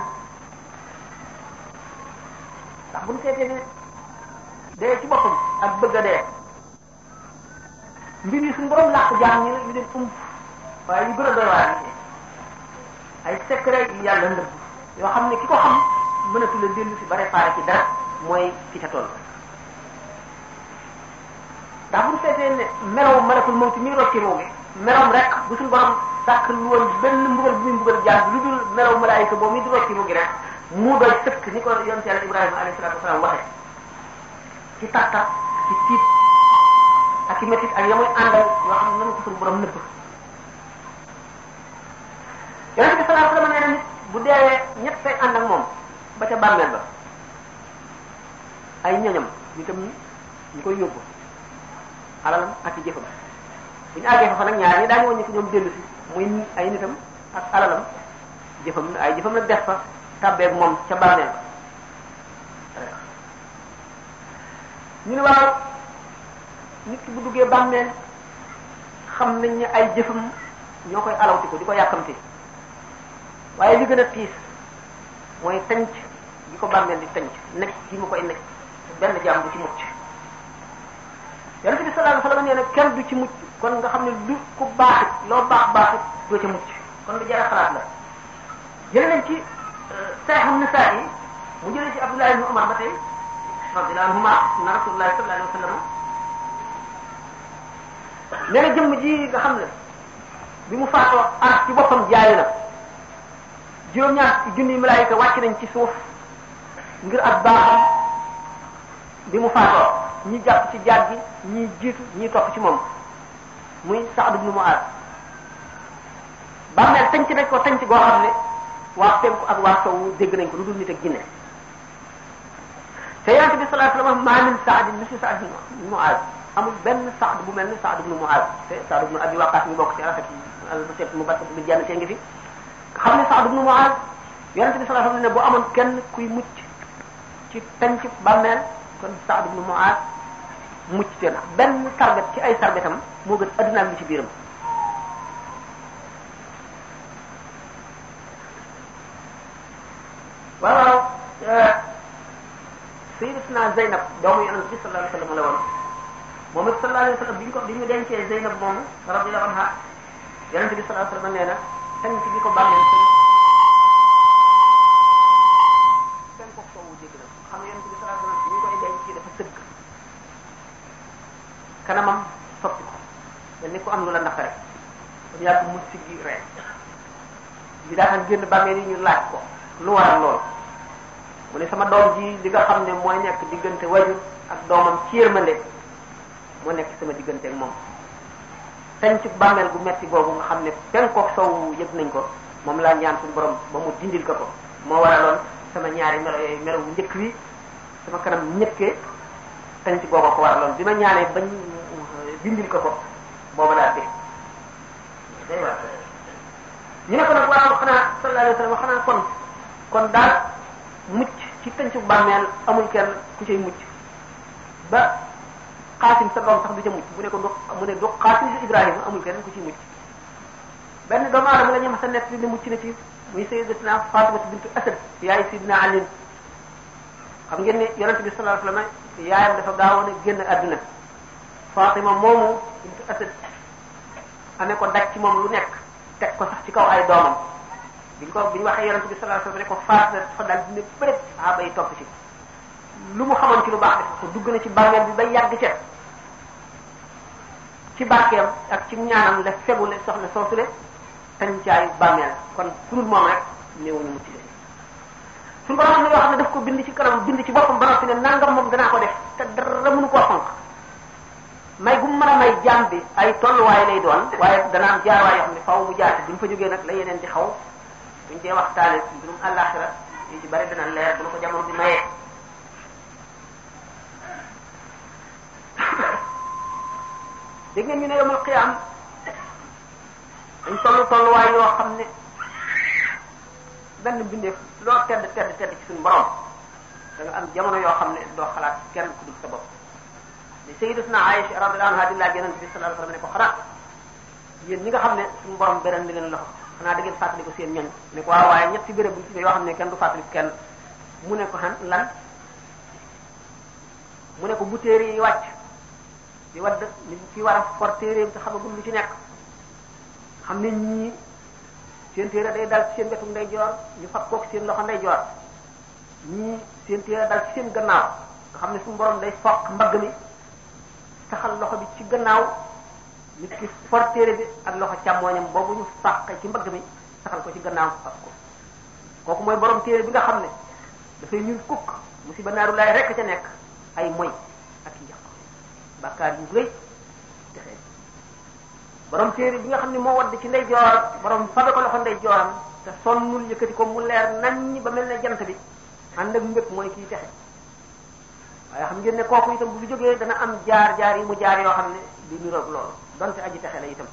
ndax bu ñu seetee ne dee ci boppam ak bëgg a dee mbir yi suñu borom làq jaam ñi ñu leen umb waaye yu gën a doy waar ay secret yi yàlla ndëbb yoo xam ne ki ko xam mënatu la dellu si ba réparé ci dara mooy fi ca ndax bu ñu seetee ne melaw malakul mawti mi rocci roo gi melawam rek bu suñu borom sàkk lu woon benn mbugal bu muy mi di rocci roo gi rek mu doy sëkk ni ko yonent yàlla Ibrahima alayhi salaatu wasalaam waxe ci tartar tiit ak ci métit ak ya muy àndal yoo xam ne ko bu deewee ñett fay ànd ak moom ba ca bàmmeel ba ay ñoñam ñu tam ñu koy yóbbu alalam ak i jëfam bu ñu àggee foofa nag ñaar ñi daañu wàññi ko ñoom dellu muy ay nitam ak alalam jëfam ay jëfam nag def fa tàbbeeg moom ca bàmmeel ñu ne waaw nit ki bu duggee bàmmeel xam nañ ne ay jëfam ñoo koy alawti ko di ko yàkkamti waaye li gën a tiis mooy tënc gi ko bàmmeel di tënc nekk gi mu koy nekk benn jaam ci mucc yonente bi sallallahu alayhi wasallam nee kenn du ci mucc kon nga xam ne lu ku baaxit loo baax baaxit doo ca mucc kon lu jar a xalaat la jëlee nañ ci euh, Sahih mu jëlee ci Abdullah ibn Umar ba tey radiyallahu anhuma na Rasulullah sallallahu alayhi wasallam nee na jëmm ne bi ci boppam junni malaayika wàcc nañ suuf ngir ak baaxam bi mu faatoo ñi jàpp ci jaar gi ñi jiitu ñi topp ci moom muy Saad ibn Mu'az bàmmeel tënc nañ ko tënc goo xam ne waa penku ak waa sowu nañ ko lu dul nit ak jinne te yonent bi sallallahu alayhi wasallam maa min Saadin benn Saad bu mel ni Saad ibn Mu'az te Saad ibn Abi Waqqas ci rafet al-basir mubassir bi jànn ngi bi sallallahu alayhi wasallam ne bu amoon kenn kuy mucc ci tënc bàmmeel kon Saad mucc te ndax benn sarbet ci ay sarbetam moo gën addunaam li ci biiram waaw euh, sayyidatuna Zeynab doomu yonent bi sallallahu alayhi wa sallam la woon moom it sallallahu alayhi wa sallam bi ñu ko bi ñu dencee Zeynab moomu radiyallahu anha yonent bi sallallahu alayhi wa sallam nee na tànn ci bi ko bànnee kanamam soppi ko mel ko am lu la naqare rek yàgg mu siggi rek bi daataan génn bàmmeel yi ñu laaj ko lu waral lool mu ne sama doom ji li nga xam ne mooy nekk diggante wajur ak doomam ci yërmande moo nekk sama diggante ak moom sañ ci bàmmeel bu metti boobu nga xam ne penkook sow yëg nañ ko moom laa ñaan suñu borom ba mu dindil ko ko moo waraloon sama ñaari melo yooyu bu njëkk wi sama kanam ñëkkee sañ ci boobu ko waraloon bi ma ñaanee bañ dindil ko ko booba daa dégg ko nag waaw xanaa sallallahu alayhi wa xanaa kon kon daal mucc ci tëncu bàmmeel amul kenn ku cay mucc ba xaasim sa doom sax du ca mucc bu ne ko du mu ne du xaasim du Ibrahima amul kenn ku ciy mucc benn doomu aadama la ñu mas a nekk ne mucc na ci muy sayyidatuna Fatima bintu Asad yaay sidna Ali xam ngeen ne yonent bi sallallahu alayhi wa dafa gaawoon a génn àdduna Fatima moomu bintu Asad amee ko daj ci moom lu nekk teg ko sax ci kaw ay doomam bi ñu ko bi ñu waxee yonent bi sallallahu alayhi ko faat na dafa daal dina bëri topp ci lu mu xamoon ci lu baax def ko dugg na ci bàmmeel bi ba yàgg ca ci barkeem ak ci ñaanam la fegu la soxna soosu le tancaayu bàmmeel kon kurul moom rek néew na mu ci leen suñu na yoo xam ne daf ko bind ci kanam bind ci boppam ba noppi ne nangam moom danaa ko def te dara mënu koo fonk may gu mu mën a may jaam bi ay tolluwaay lay doon waaye dana am jaarwaay yoo xam ne faaw mu jaate buñ fa jógee nag la yeneen di xaw buñ dee waxtaane ci mbirum àllaaxira yu ko jamono di mayee dégg ngeen ñu ne yomul xiyaam yoo xam ne benn bindeef loo tedd tedd ci suñu am jamono yoo xam ne doo xalaat kenn ku dul sa li sayyidatuna Aïcha radiyallahu anha di laaj yonent bi sallallahu alayhi wasallam ne ko xanaa yéen ñi nga xam ne suñu borom beneen bi leen loxo xanaa da ngeen fàttali ko seen ñoñ ne ko waaw waaye ñetti béréb bu ci yoo xam ne kenn du fàttali kenn mu ne ko xan lan mu ne ko bu téere yi wàcc di wadd ni ci war a for téere te xamagul lu ci nekk xam ne ñii seen téere day dal ci seen wetu ndeyjoor ñu fab kook seen loxo ndeyjoor ñii seen téere dal ci seen gannaaw nga xam ne suñu borom day foq mbagg mi saxal loxo bi ci gannaaw nit ki for téere bi ak loxo càmmooñam boobu ñu fàq ci mbagg mi saxal ko ci gannaaw fas ko kooku mooy boroom téere bi nga xam ne dafay ñuy kukk musiba naaru laay rekk ca nekk ay moy ak i njaq bàkkaar yu rëy te xeet téere bi nga xam ne moo wadd ci ndey joor borom fabe ko loxo ndey jooram te sonnul yëkkati ko mu leer nañ ba mel ne jant bi ànd ak mbëg mooy kii texe waaye xam ngeen ne kooku itam bu fi jógee dana am jaar-jaar yi mu jaar yoo xam ne du niroog loolu donte aji texe la itam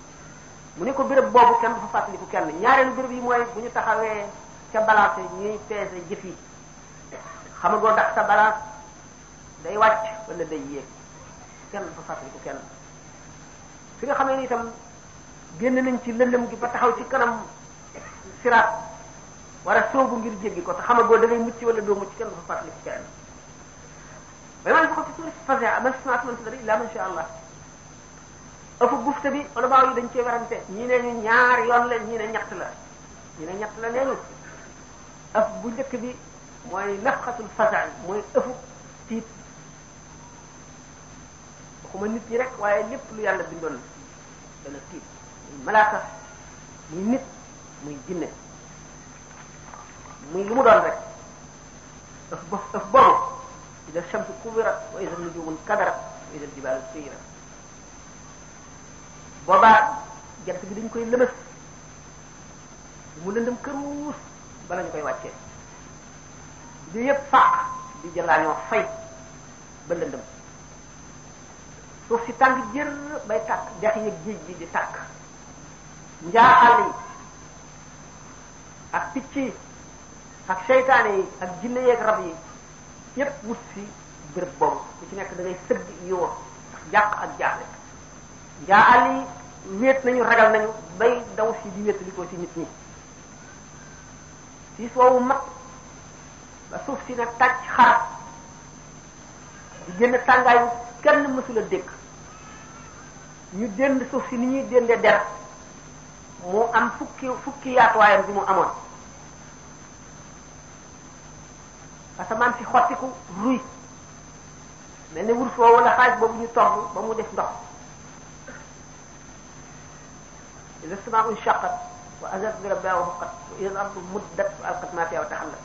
mu ne ko bërëb boobu kenn du fa fàttaliku kenn ñaareelu béréb yi mooy bu ñu taxawee ca balance ñuy peese jëf yi xamagoo ndax sa balance day wàcc wala day yéeg kenn du fa fàttaliku kenn fi nga xamee ni itam génn nañ ci lëndëm gi ba taxaw ci kanam siraat war a soobu ngir jéggi ko te xamagoo da ngay mucc wala doo mucc kenn du fa fàttaliku kenn وما ينفق في الصور فزع man samaatu man tadri illa man sha Allah ëpp bufta bi ulama yi dañ cee warante ñi ne ñu ñaar yoon la ñi ne ñett la ñi ne ñett la neenu ëpp bu njëkk bi mooy nafxatul fazaa mooy ëfu tiit waxuma nit ñi rek waaye lépp lu yàlla bindoon dana tiit muy malaaka muy nit muy jinne muy lu mu doon rek ëf ëf boru إذا الشمس كورت وإذا النجوم انكدرت وإذا الجبال سيرت boobaa jant bi dañ koy lëbës mu lëndëm këruus bala ñu koy wàcce di yëpp fàq di jëlaañoo fay ba lëndëm suuf si tàng jër bay tàkk dex yeeg géej bi di tàkk njaa àll yi ak picc yi ak seytaane yi ak rab yi ñëpp wut si béréb boobu ku ci nekk da ngay sëgg yoo ak jaaxle njaa àll yi wéet nañu ragal nañu bay daw si di wéet li ko si nit ñi si soowu mag ba suuf si nag tàcc xarab di génn tàngaay bu kenn mësula dëkk ñu dend suuf si ni ñuy dendee der moo am fukki fukki yaatuwaayam bi mu amoon asamaan si xottiku ruy mel ne wurus woowu la xaaj boobu ñu togg ba mu def ndox ida samaau inshaqat wa azat bi rabbiha wa huqqat wa ida al-ardu muddat wa alqat ma fiha wa taxallat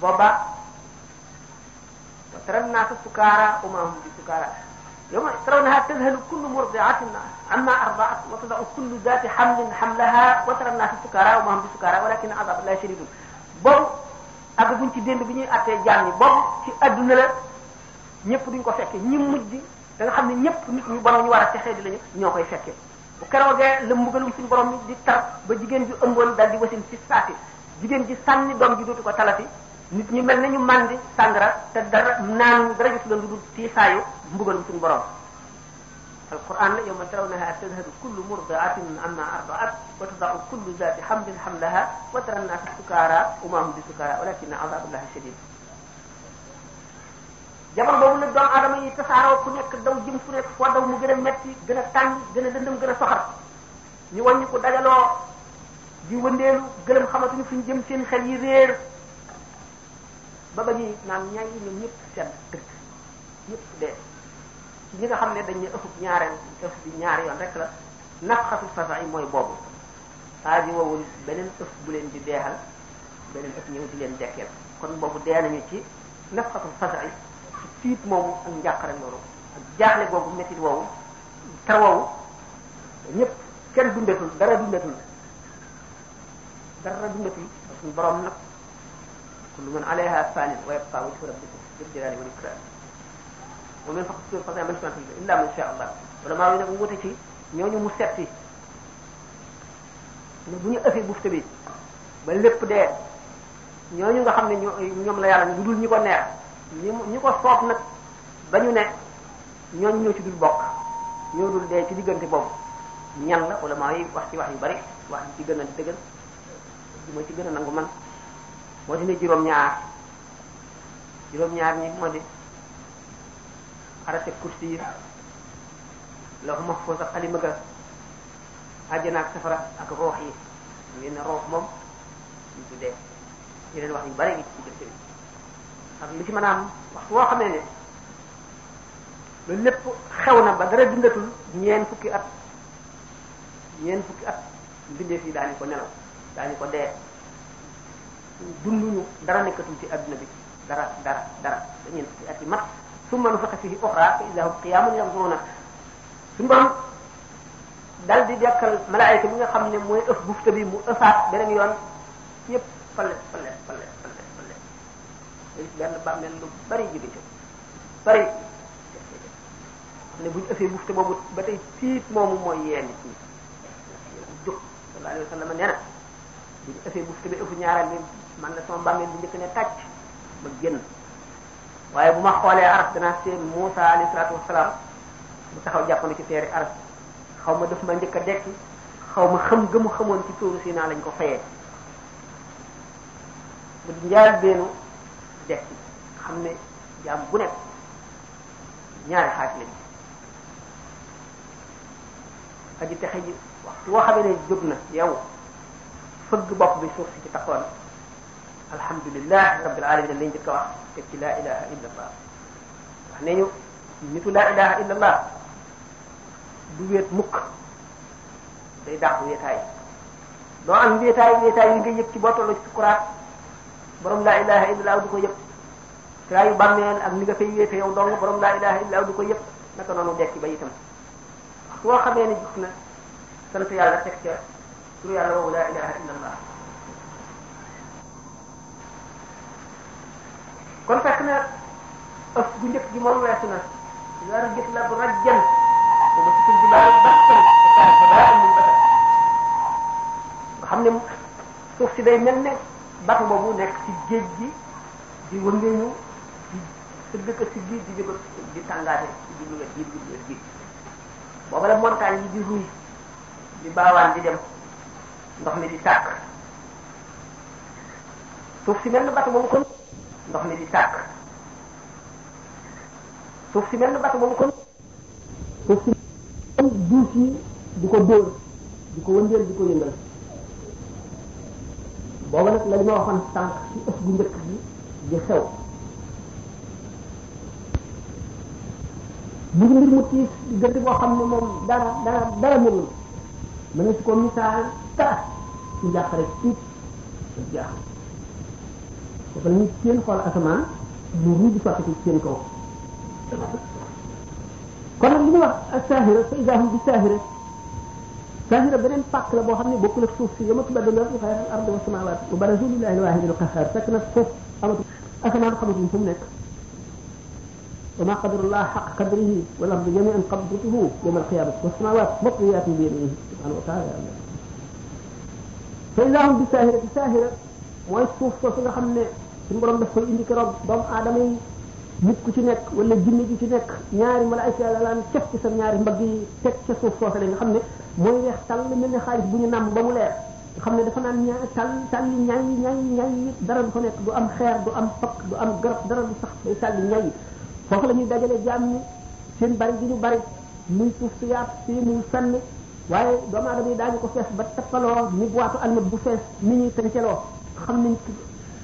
booba wa tara naasa sukaara wa ma hum bi sukaara yawma tarawnaha tadhalu kullu murdi'atin amma arda'at wa tada'u kullu dhati hamlin hamlaha wa tara naasa sukaara wa ma hum bi sukaara walakinna adhaba Allahi shadidun boobu àgg buñ ci dénd bi ñuy àttee jaam ñi boobu ci adduna la ñëpp duñ ko fekke ñi mujj da nga xam ne ñëpp nit ñu bonoon ñu war a texee di lañu ñoo koy fekkee bu keroogee la mbugalum suñu borom mi di tar ba jigéen ju ëmboon dal di wasin ci saati jigéen ji sànni doom ji dootu ko talati nit ñi mel nañu màndi sàngara te dara naan dara gis la lu dul tiisaayu mbugalum suñu borom alquran yawma tarawnaha tadhhalu kullu murdi'atin amma arda'at wa tada'u kullu dhati hamlin hamlaha wa tara an-nasa wa ma hum bi sukara walakinna 'adhaballahi shadid jamono boobu nag doomu aadama yi tasaaroo ku nekk daw jëm fu nekk mu gën a metti gën a tàng gën a dëndëm gën a soxar ñu wàññi ko dajaloo di wëndeelu gëlëm xamatuñu fu ñu jëm seen xel yi réer ba dee ñi nga xam ne dañ ne ëfub ñaareel ëf bi ñaari yoon rek la nafxatul fasax yi mooy boobu aaji woowul beneen ëf bu leen di deexal beneen ëf ñëw di leen dekkeel kon boobu dee nañu ci nafxatul fasax yi tiit moomu ak njàqare loolu ak jaaxle boobu métit woowu tar woowu ñëpp kenn dundatul dara dundatul dara dundatul suñu borom nag kullu man a fanin wa yabqa wajhu rabbika dhul jalali wal ikram wa man faqa suur fasaa man shaa illa man shaa Allah wala maa ngi nag wute ci ñooñu mu setti ne bu ñu ëffee bufte bi ba lépp dee ñooñu nga xam ne ñoom la yàlla ñu dul ñi ko neex ñi ñi ko soob nag ba ñu ne ñooñu ñoo ci dul bokk ñoo dul dee ci diggante boobu ñan la wala maa ngi wax ci wax yu bari wax ci gën a dëggal moo ci gën a nangu man moo di ne juróom-ñaar juróom-ñaar ñi moo di arasek kursi yi lawhu mahfuz ak xalima ga àjjana ak safara ak roox yi ñu roox moom ñu tuddee yeneen wax yu bare ngi ci dëkk bi ak li ci mën a am waxtu woo xamee ne loolu lépp xew na ba dara dundatul ñeen fukki at ñeen fukki at mbindeef yi daañu ko nelaw daañu ko dee dunduñu dara nekkatul ci adduna bi dara dara dañeen fukki at yi mat summa nufixa fihi uxra fa idaa hum qiyaamun yanzuruuna suñu borom dal di dekkal malaayika bi nga xam ne mooy ëf bufta bi mu ëfaat beneen yoon yëpp fale fale fale fale fale benn bàmmeel lu ne bu ñu ëfee boobu ba tey tiit moomu mooy yee nit ñi jóg sallallahu alayhi wa sallam nee na bu ñu ëfee bufta bi ëfu ñaareel bi man la sama bàmmeel bu njëkk ne tàcc ma génn waaye bu ma xoolee arab danaa seen Moussa alayhi salaatu wasalaam mu taxaw jàppandi ci teeri arab xaw ma def ma njëkk a dekki xaw ma xam gëmu xamoon ci tuuru naa lañ ko fayee bu njaal beenu dekki xam ne jaam bu nekk ñaari xaaj lañ aji texe ji waxtu woo xamee ne jóg na yow fëgg bopp bi suuf si ci taxoon alhamdulilah rabbil alamin lañ njëkk a wax teg ci laa ilaha illa allah wax ne ñu nitu laa ilaha illa allah du wéet mukk day dàq doo am wéetaay wéetaay yi ci boo tolloo ci sukuraat borom laa ilaha illa allah ko yëg saa yu bàmmeel ak ni nga fay wéete yow dong borom laa ilaha ko yëg naka noonu dekki ba itam wax boo xamee ne jug na sant yàlla teg ca tur yàlla woowu laa ilaha kon fekk na ëpp bu njëkk gi moom weesu na i gis la bu rajjan te ba ci bi daal bakkan ba nga xam ne suuf day mel ne bato boobu nekk ci géej gi di wëndeelu di sëgg ko si biir di jëm di tàngaate di lu wet di lu wet gi booba la di ruy di di dem ndox mi di tàkk suuf mel ne bato boobu kon ndox mi di tàkk suuf si mel ni bàtt moomu kon suuf si kon duus yi di ko dóor di ko wëndeel di ko yëngal booba nag la li ma waxoon sànq ci ëpp bu njëkk bi di xew bu mbir mu tiis diggante boo xam ne moom dara dara dara mënul mën na si ko misaal dara ci njàqare tiit jaaxal dafa la ñuy seen xool asamaan mu ruuj sotti ci seen kaw kon nag li ñuy wax saahira fa idaa hum bi saahira saahira beneen pàcc la boo xam ne bokkul ak suuf si yama tubaddalu al ardu wa samaawaat wa barazu lillahi al waahidi al qahhaar fekk nag foofu amatu asamaan xamatuñ fu mu nekk wa maa qadarullah xaq qadrihi wal ardu jamian qabdatuhu yawma al qiyaamati wa samaawaat matwiyaatun bi yaminihi subhanahu wa taala fa idaa hum bi saahira saahira mooy suuf soosu nga xam ne suñu borom daf koy indi keroog doomu aadama yi ku ci nekk wala jinne ji ci nekk ñaari malaayka yàlla laan cef ci sa ñaari mbagg yi teg ca suuf soosale nga xam ne mooy weex tàll mel ne xaalis bu ñu nàmm ba mu leer nga xam ne dafa naan ñaa tàll tàll ñaay ñaay ñaay dara du fa nekk du am xeer du am pakk du am garab dara du sax day tàll ñaay foofu la ñuy dajale jaam ni seen bari gi ñu bari muy suuf si si muy sànni waaye doomu aadama yi daañu ko fees ba tappaloo ni boitu almat bu fees mi ni ñuy loo xam nañ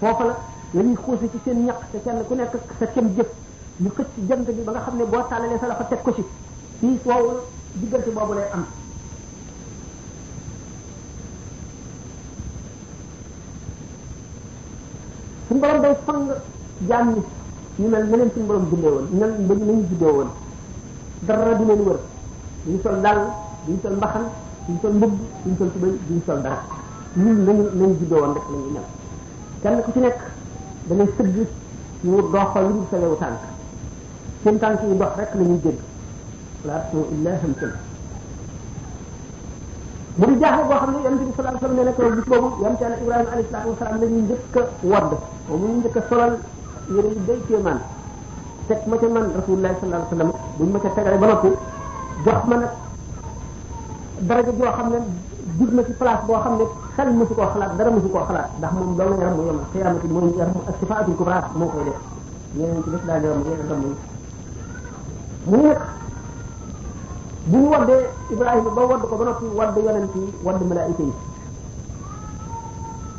foofa la la ñuy xuuse ci seen ñaq te kenn ku nekk sa kem jëf ñu xëcc jant bi ba nga xam ne boo tàllalee sa loxo teg ko ci fii soowu diggante boobu lay am suñu borom day fang jaam ñi ñu mel ne leen suñu borom bindee woon ne ñu juddoo woon dara du leen wër duñ sol dàll duñ sol mbaxan duñ sol mbubb duñ sol sol dara mu lañu lañu juddoo woon rek lañu mel kenn ku ci nekk da ngay sëgg ñu doxal lu sa wewu tànk seen tànk yi dox rek la ñuy dégg la asmo illa hamsal mu di boo xam ne yonent bi sallallahu alayhi wasallam nee na ko bis boobu yonent yàlla Ibrahima alayhi salaatu wasalaam la ñuy njëkk a wodd moom mu njëkk a solal yére yu day kéemaan teg ma ca man rasulullahi sallallahu alayhi wasallam ma ca ma nag daraja joo xam ne gis ma ci place boo xam ne xel mësu koo xalaat dara mësu koo xalaat ndax moom loolu yaram mu yom xiyaamati mooy yaram ak sifaatul kubra moo koy def yeneen yaram yeneen tam mu nekk mu waddee Ibrahima ba wadd ko ba noppi wadd yonent yi wadd malaayika yi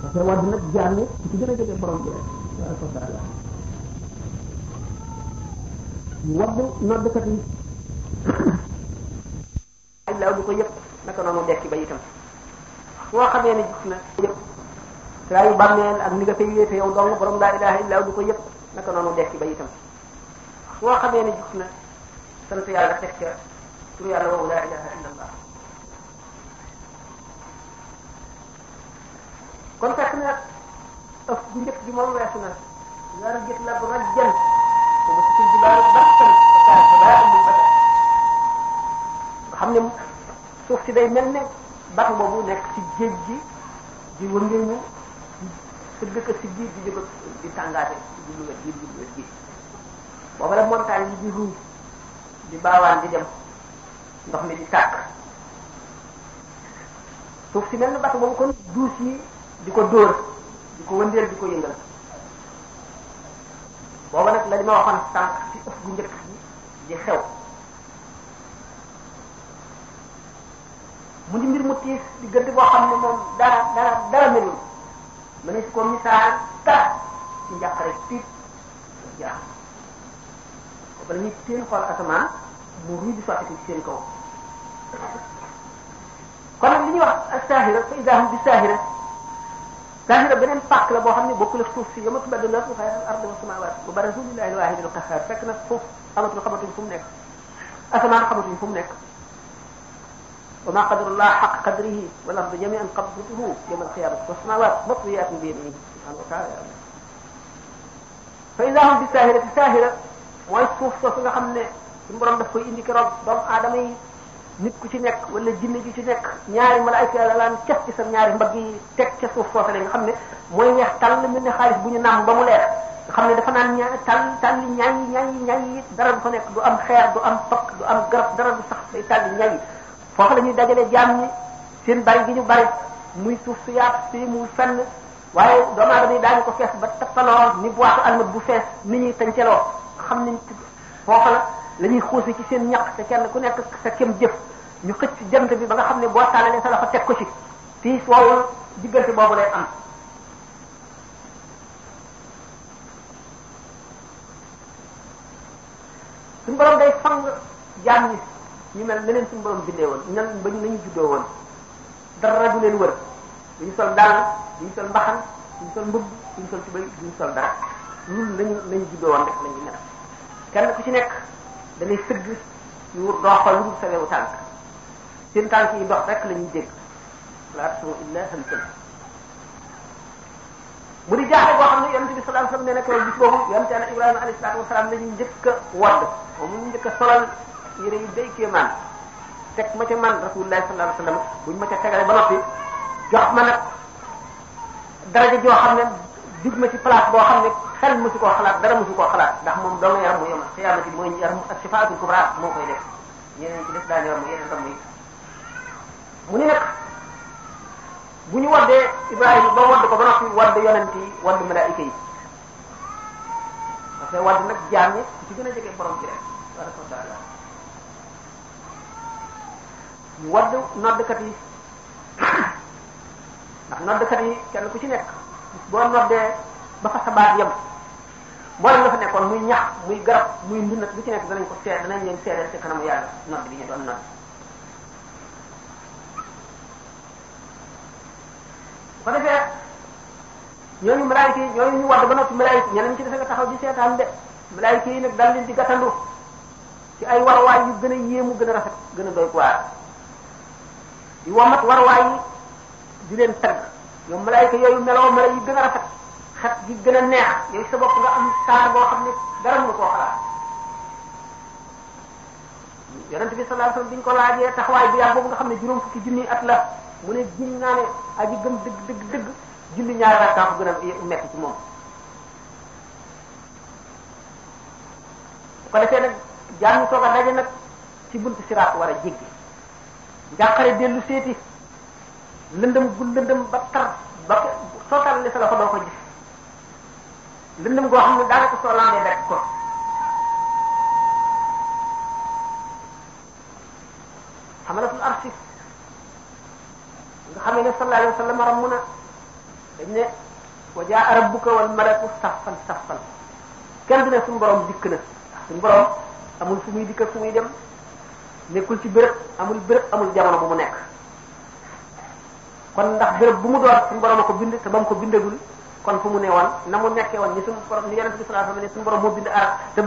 parce que wadd nag jaam yi gën a jege borom bi rek tabaraka wa taala wadd noddkat yi law bi ko yëpp naka noonu dekki ba itam soo xamee ne gis na yëpp saa yu bàmmeel ak ni nga fay wéete yow dong borom laa ilaha illa du ko yëpp naka noonu dekki ba itam soo xamee ne gis na sant yàlla teg ca tur yàlla woowu laa ilaha illa allah kon fekk na ëf bu njëkk bi moom weesu na nar jët la bu rajjan te ba si ji baalu barkan ba xam ne suuf si day mel ne bato boobu nekk ci géej gi di wëndeelu di sëgg ak si biir di jóg di tàngaate di lu wet di lu gi booba la montagne yi di ruuj di baawaan di dem ndox mi di tàkk suuf si mel ni bato boobu kon duus yi di ko dóor di ko wëndeel di ko yëngal booba nag la li ma waxoon sànq ci ëpp bu njëkk bi di xew mu di mbir mu tiis di gëdd boo xam ne moom dara daa dara melul ma ne ko misaal dara ci njàqare tiit jaaxal ko bala ñuy seen xool asamaan mu ruuj sotti ci seen kaw kon nag li ñuy wax ak saahira fa idahum bi saahira saahira beneen pàcc la boo xam ne bokkul ak suuf si yoma tubaddalu l-ardu ghayra l-ardi wa s-samaawaat wa barazu lillahi l-waahidi l-qahhaar fekk nag foofu amatul xamatuñ fu mu nekk asamaan xamatuñ fu mu nekk wa ma qadarullah haqqa qadrihi wal ardu jami'an qabdatuhu yawm al-qiyamati was samawati matwiyatun bi yadihi subhanahu wa ta'ala fa idha hum bi sahirati sahira mooy suuf soosu nga xam ne suñu borom daf koy indi keroog doomu aadama yi nit ku ci nekk wala jinne ji ci nekk ñaari malaayka yàlla laan cas ci sa ñaari mbagg yi teg ca suuf soosu la nga xam ne mooy weex tàll mel ne xaalis bu ñu naam ba mu leer nga xam ne dafa naan ñaa tàll tàlli ñaayi ñaayi ñaayi dara du fa nekk du am xeer du am pakk du am garab dara du sax day tàlli ñaayi foofu la ñuy dajale jaam ñi seen bari gi ñu bari muy suuf si yaatu si muy fenn waaye doomu aadama yi daañu ko fees ba tappaloo ni boitu almat bu fees ni ñuy tënceloo xam nañ foofa la la ñuy xuusi ci seen ñaq te kenn ku nekk sa kem jëf ñu xëcc jant bi ba nga xam ne boo taalalee sa loxo teg ko ci fii woowul diggante boobu lay am suñu borom day fang jaam ñi ñu mel ne leen suñu borom bindee woon ñan ba ñu nañu juddoo woon dara du leen wër duñu sol dàll duñu sol mbaxal duñu sol mbubb duñu sol tubay duñu sol dara ñun lañu nañu juddoo woon rek lañu mel kenn ku ci nekk da ngay sëgg yu doxal lu sa wewu tànk seen tànk yi dox rek la ñuy dégg la tasma illa hamsan mu di jaaxle boo xam ne yonente bi sallallahu alayhi wasallam nee na keroog bis boobu yonente Ibrahima alayhi salaatu wasalaam la ñuy njëkk a wodd la ñuy njëkk yére yi day kéemaan teg ma ca man rasulullah sallallahu alayhi wasallam buñ ma ca tegalee ba noppi jox ma nag daraja joo xam ne dig ma ci place boo xam ne xel mosu koo xalaat dara mosu koo xalaat ndax moom dong yaram mu yomal xiyaamati mooy yaram ak sifaatul kubra moo koy def yeneen ci def daan yaram yeneen tam muy mu ni nag bu ñu waddee Ibrahima ba wadd ko ba noppi wadd yonent yi wadd malaayika yi parce que wadd nag jaam ñi ku ci gën a jege borom bi rek tabaraka wa taala ñu wadd noddkat yi ndax noddkat yi kenn ku ci nekk boo noddee ba fa sa baat yem mboolem nga fa nekkoon muy ñax muy garab muy mbinat bu ci nekk danañ ko seet danañ leen seedeel ci kanamu yàlla nodd bi ñu doon nodd bu ko defee ñooñu malaayika yi ñu wadd ba noppi malaayika ñeneen ci defe nga taxaw di am de ki yi nag daal leen di gàttandu ci ay warwaay yu gën a yéemu gën a rafet gën a doy waar di womat warwaay yi di leen tagg ñoom malaayika yooyu meloo mala yi gën a rafet xat yi gën a neex yooyu sa bopp nga am saar boo xam ne dara mënu koo xalaat yonent bi sallallahu alayhi bi ñu ko laajee taxawaay bi yaa boobu nga xam ne juróom fukki junni at la mu ne jiñ naa ne aji dëgg dëgg dëgg julli ñaari rakkaa gën a nekk ci moom bu ko defee nag jaam ñu toog a daje nag ci buntu siraat war a jéggi njàqare dellu seeti lëndëm gu lëndëm ba tar ba soo tàllalee sa loxo doo ko gis lëndëm goo xam ne daanaka soo lambee rek ko xamalatul arsi nga xam ne sallallahu alayhi wa sallam ramu na dañ ne wa jaa rabbuka wal malaku saffan saffan kenn du ne suñu borom dikk na suñu borom amul nekkul ci béréb amul béréb amul jamono bu mu nekk kon ndax béréb bu mu doon suñu borom a ko bind te ba mu ko bindagul kon fu mu ne woon na mu nekkee woon ni suñu borom ni yonente bi sallallahu alayhi wasallam ne suñu borom moo bind arab te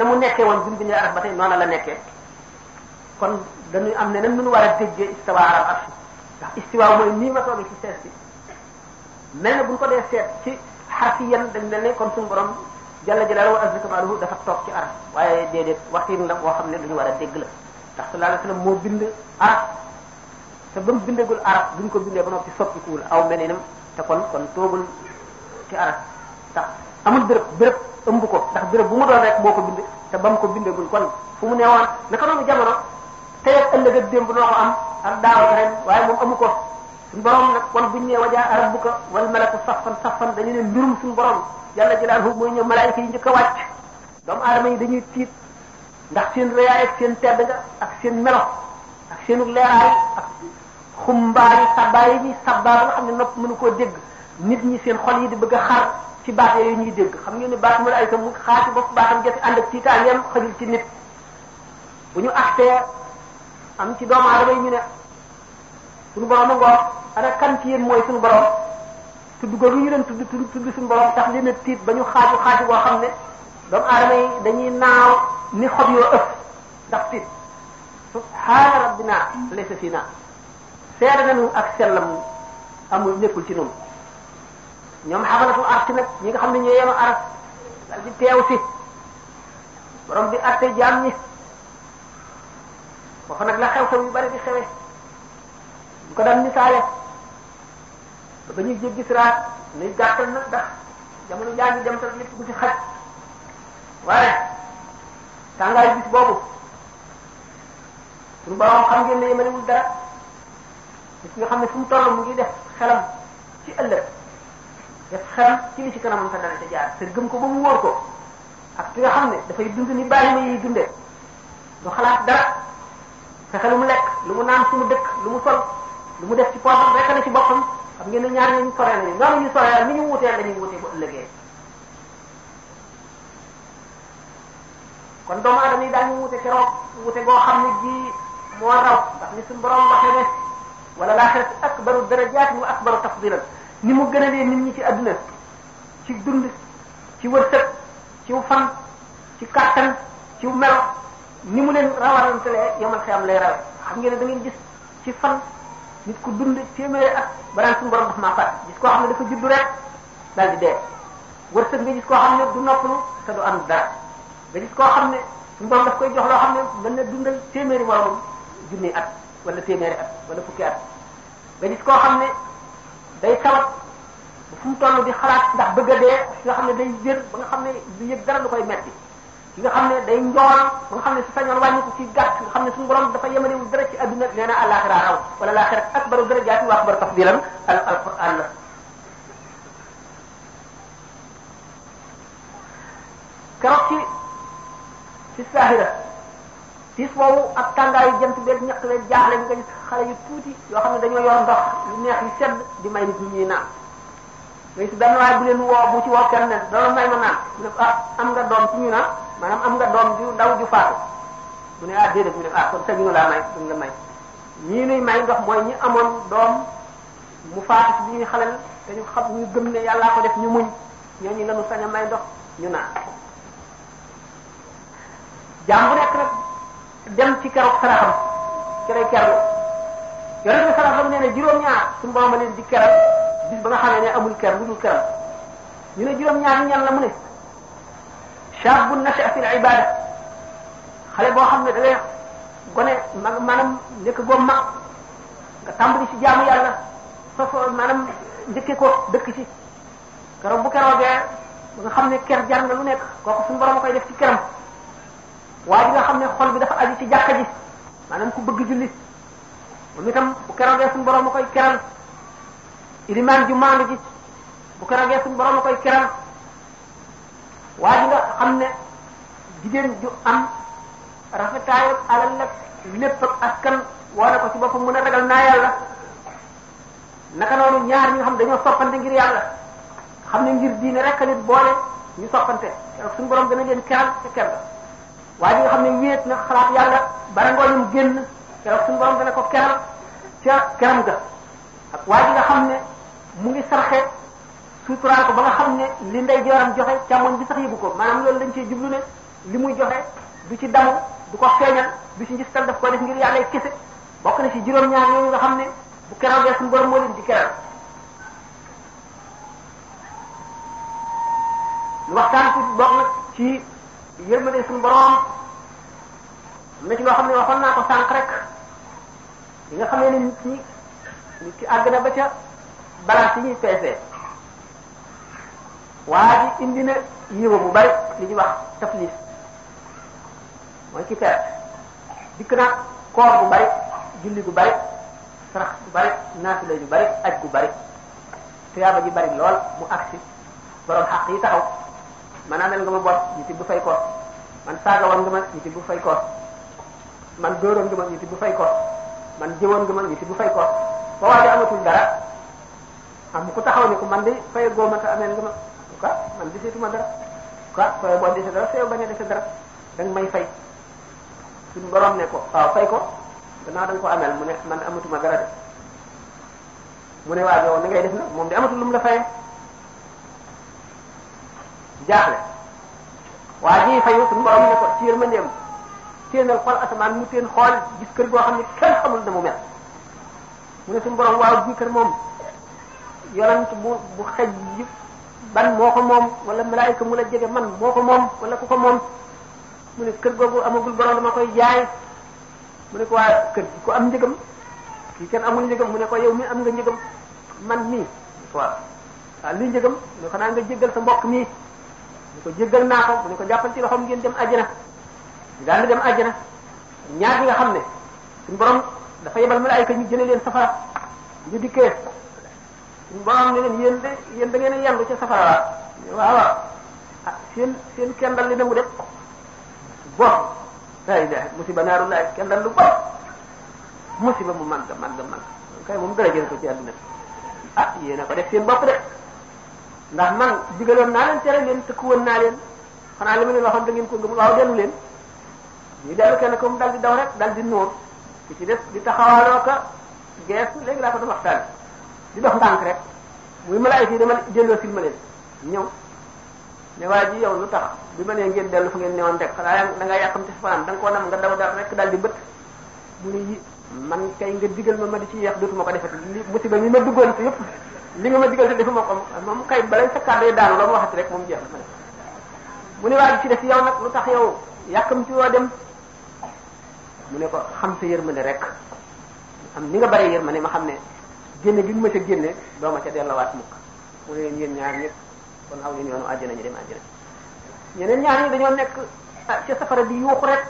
ba mu nekkee woon bi mu bindee arab ba tey noona la kon dañuy am ne nan nunu war a déggee istiwa arab arsh ndax nii ma toogee ci seet bi mel ne buñu ko dee seet ci xarfiyan dañ mel ne kon suñu borom jalla jalaaluhu wa azza kamaaluhu dafa toog ci arab waaye déedéet waxtiin la boo xam ne lu war a dégg la ndax sallallahu alayhi wasallam moo bind arab te ba mu bindagul arab buñ ko bindee ba noppi soppikuwul aw meninam te kon kon toogul ci arab ndax amul béréb béréb ëmb ko ndax béréb bu mu doon rek moo ko bind te ba mu ko bindagul kon fu mu newoon naka noonu jamono tey ak ëllëg ak démb noo ko am ak daaw ak ren waaye moom amu ko suñu borom nag kon buñ nee wajaa rabbuka wal malaku saffan saffan dañu ne mbirum suñu borom yàlla jëlaat foofu mooy ñëw malaayika yi njëkk a wàcc doomu aadama yi dañuy tiit ndax seen rëyaay ak seen tedd nga ak seen melo ak seenu leeraay ak xumbaar yi sabbaay yi sabbaar nga xam ne nopp mënu koo dégg nit ñi seen xol yi di bëgg a xar ci baat yooyu ñuy dégg xam ngeen ne baat mu ay tam mu xaati bopp baatam jafe ànd ak ci nit bu ñu actee am ci doomu aadama yi ñu ne a ngoor ana kan ci yéen mooy suñu borom tudd ko lu ñu leen tudd tudd suñu borom tax leen a tiit ba ñu xaaju xaaju boo xam ne doomu aadama yi dañuy naaw ni xob yoo ëpp ndax tiit subhaana rabbina laysa fii naa seere nañu ak sellam amul nekkul ci ñoom ñoom xamalatu arsi nag ñi nga xam ne ñoo yema aras dal di teew si borom bi atte jaam ñi foofu nag la xew-xew yu bari di xewee bu ko daan misaale ba ba ñuy jéggi siraat nuy gàttal nag ndax jamono yaa ngi dem te lépp waaye tàngaay bis boobu suñu boroom xam ngeen ne yemalewul dara nit nga xam ne fu mu toll mu ngi def xelam ci ëllëg def xelam ci li ci kanam sa dara ca jaar te gëm ko ba mu wóor ko ak ki nga xam ne dafay dund ni bàyyi ma yiy dundee du xalaat dara fexe lu mu lekk lu mu naan su mu dëkk lu mu sol lu mu def ci poosam rekk na ci boppam xam ngeen ne ñaar ñooñu soree nañu noonu ñu soree ni ñu wutee dañuy wutee bu ëllëgee kon doomu aadama yi daañu wute keroog wute goo xam ne ji moo raw ndax ni suñu borom waxee ne wala laaxirat akbaru darajaatin wa akbaru tafdilan ni mu gën a lee nit ñi ci adduna ci dund ci wërsëg ci fan ci kàttan ci melo ni mu leen rawalantelee yomal xiyam lay rawe xam ngeen ne da ngeen gis ci fan nit ku dund téeméeri at banaan suñu koo xam ne dafa juddu rek daal di dee wërsëg nga gis koo xam ne du noppalu te du am dara nga gis koo xam ne suñu borom daf koy jox loo xam ne mën na téeméeri moromam wala téeméeri at wala fukki at nga gis koo xam ne day tawat fu mu toll di xalaat ndax bëgg xam ne day yër ba nga xam ne du koy metti nga xam ne day njool ba nga xam ne su sañoon wàññi ko xam ne suñu borom dafa yemalewul dara ci adduna nee na àllaaxira raw wala laaxira akbaru darajaati wa akbaru tafdilan al alquran la fi saahira tis boobu ak tàngaayu jant beeg ñaq beeg jaaxle bi nga gis xale yu tuuti yoo xam ne dañoo yoon ndox yu neex yu sedd di may nit ñi ñuy naan mais si bu leen bu ci woo kenn ne dana ma naan mu ne ah am nga doom ci ñu naan maanaam am nga doom ju ndaw ju faatu mu ne ah déedéet mu ne ah kon sañu laa may duñ la may ñii nuy may ndox mooy ñi amoon doom mu faatu si bi ñuy xalal dañu xam ñu gëm ne yàllaa ko def ñu muñ ñooñu lañu sañ a may ndox ñu naan jaam bu nekk dem ci keroog saraxam ci lay kerlu yonent bi saraxam nee na juróom-ñaar suñu borom leen di keral bis ba ne amul ker lu dul keral ñu ne juróom-ñaar ñan la mu ne shaabun nasha fil ibada xale boo xam ne da ngay gone mag maanaam nekk goo mag nga tàmbali ci jaamu yàlla ko dëkk ci keroog bu keroogee ba nga xam ne ker jar na lu nekk kooku suñu borom a keram waaye nga xam ne xol bi dafa aju ci jàkka ji maanaam ku bëgg julli moom itam bu kerogee suñu borom a koy keral ilimaan ju maandu ji bu kerogee suñu borom a koy keral waa ji xam ne jigéen ju am rafetaayu alal la lépp ak askan wala ko ci boppam mën a ragal naa yàlla naka noonu ñaar ñi nga xam dañoo soppante ngir yàlla xam ne ngir diine rek ka leen boole ñu soppante suñu borom gën a leen keral te keral waaye bi nga xam ne wéet na xalaat yàlla bara ngooñum génn keroog suñu borom dana ko keral ca keram ga ak waaye bi nga xam ne mu ngi sarxe suturaal ko ba xam ne li ndey jooram joxe càmmoñ bi sax yëbu ko maanaam loolu dañ cee jublu ne li muy joxe bu ci damu bu ko feeñal bu ci njistal daf ko def ngir yàlla kese ci juróom-ñaar yooyu nga xam ne bu keral gee suñu borom moo leen di keral waxtaan ci bokk na ci yërmande suñu boroom na ci loo xam ne waxoon naa ko sànq rek li nga xam ne nit ki nit ki àgg na ba ca balance yi ñuy peesee waa ji indi na yiwa bu bari li ñuy wax taflis mooy ci perte dikk na koor bu bari julli bu bari sarax bu bari naafila bu bari aj bu bari tuyaaba ji bari lool mu agsi boroom xaq yi taxaw man amel nga ma bor ñu tibb fay ko man saaga nga ma ñu tibb fay ko man dóoroon nga ma ñu tibb fay ko man jëwoon nga ma ñu tibb fay ko ba waaye amatul dara am ku taxaw ko man de fay goo ma te amel nga ma man desetuma dara quoi fay boo dese dara feew dara danga may fay suñu borom ne ko waaw fay ko gannaaw danga ko amel mu ne man amatuma dara de mu ne waaw yow ni ngay def nag moom de amatul lu mu la fayee jaaxle waa ji fayu suñu borom ne ko ci yërmandeem téenal xool asamaan mu teen xool gis kër goo xam ne kenn xamul na mu mel mu ne suñu borom waaw ji kër moom yonent bu bu xej ji ban moo ko moom wala malaayika mu la jege man moo ko moom wala ku ko moom mu ne koy jaay mu ne ko waa kër gi ko am njëgam kii kenn amul njëgam mu ne ko mi am nga njëgam man mii waaw waaw luy njëgam mu ne xanaa nga jéggal sa mbokk mu ko jéggal naa ko mu ne ko jàppal ci loxoom ngeen dem àjjana ñu daal di dem àjjana ñaar ñi nga xam ne suñu borom dafa yebal malaayika ñu jëlee leen safara ñu dikkee suñu borom ne leen yéen de yéen da ngeen a yendu ca safara waaw waaw ah seen seen kendal li nangu de bo la ilaha musiba naaru laay kendal lu bo musiba mu màgg màgg màgg kay moom dara jël ko ci àdduna ah yéen a ko def seen bopp de ndax man digaloon naa leen tere leen tëkku woon naa leen xanaa li ma leen waxoon da ngeen ko gëm waaw dellu leen ñu ko mu dal di daw rek dal di noor ci ci di taxawaloo ko geesu léegi laa ko doon waxtaan di dox ndànk rek muy malaayika yi dama ma leen ñëw ne waa ji yow lu tax bi ma nee ngeen da nga yàqamte fanaan koo nam nga daw dal rek dal di bët mu a yi man kay nga digal ma ma di ci yeex dootuma ko defati li musiba mi ma duggoon yëpp li nga ma digal te defuma ko moom kay balay sa kàddu yi daanu la mu waxati rek moom jeex na mu ne waa ci def yow nag lu tax yow yàkkam ci woo dem mu ne ko xam sa yërmande rek am ni nga bare yërmande ma xam ne génne gi ma génne doo ma ca delluwaat mukk mu ne leen ñaar ñëpp aw yoonu àjjana ñu dem àjjana ñeneen ñaar ñi dañoo nekk ah, ca safara bi yuuxu rek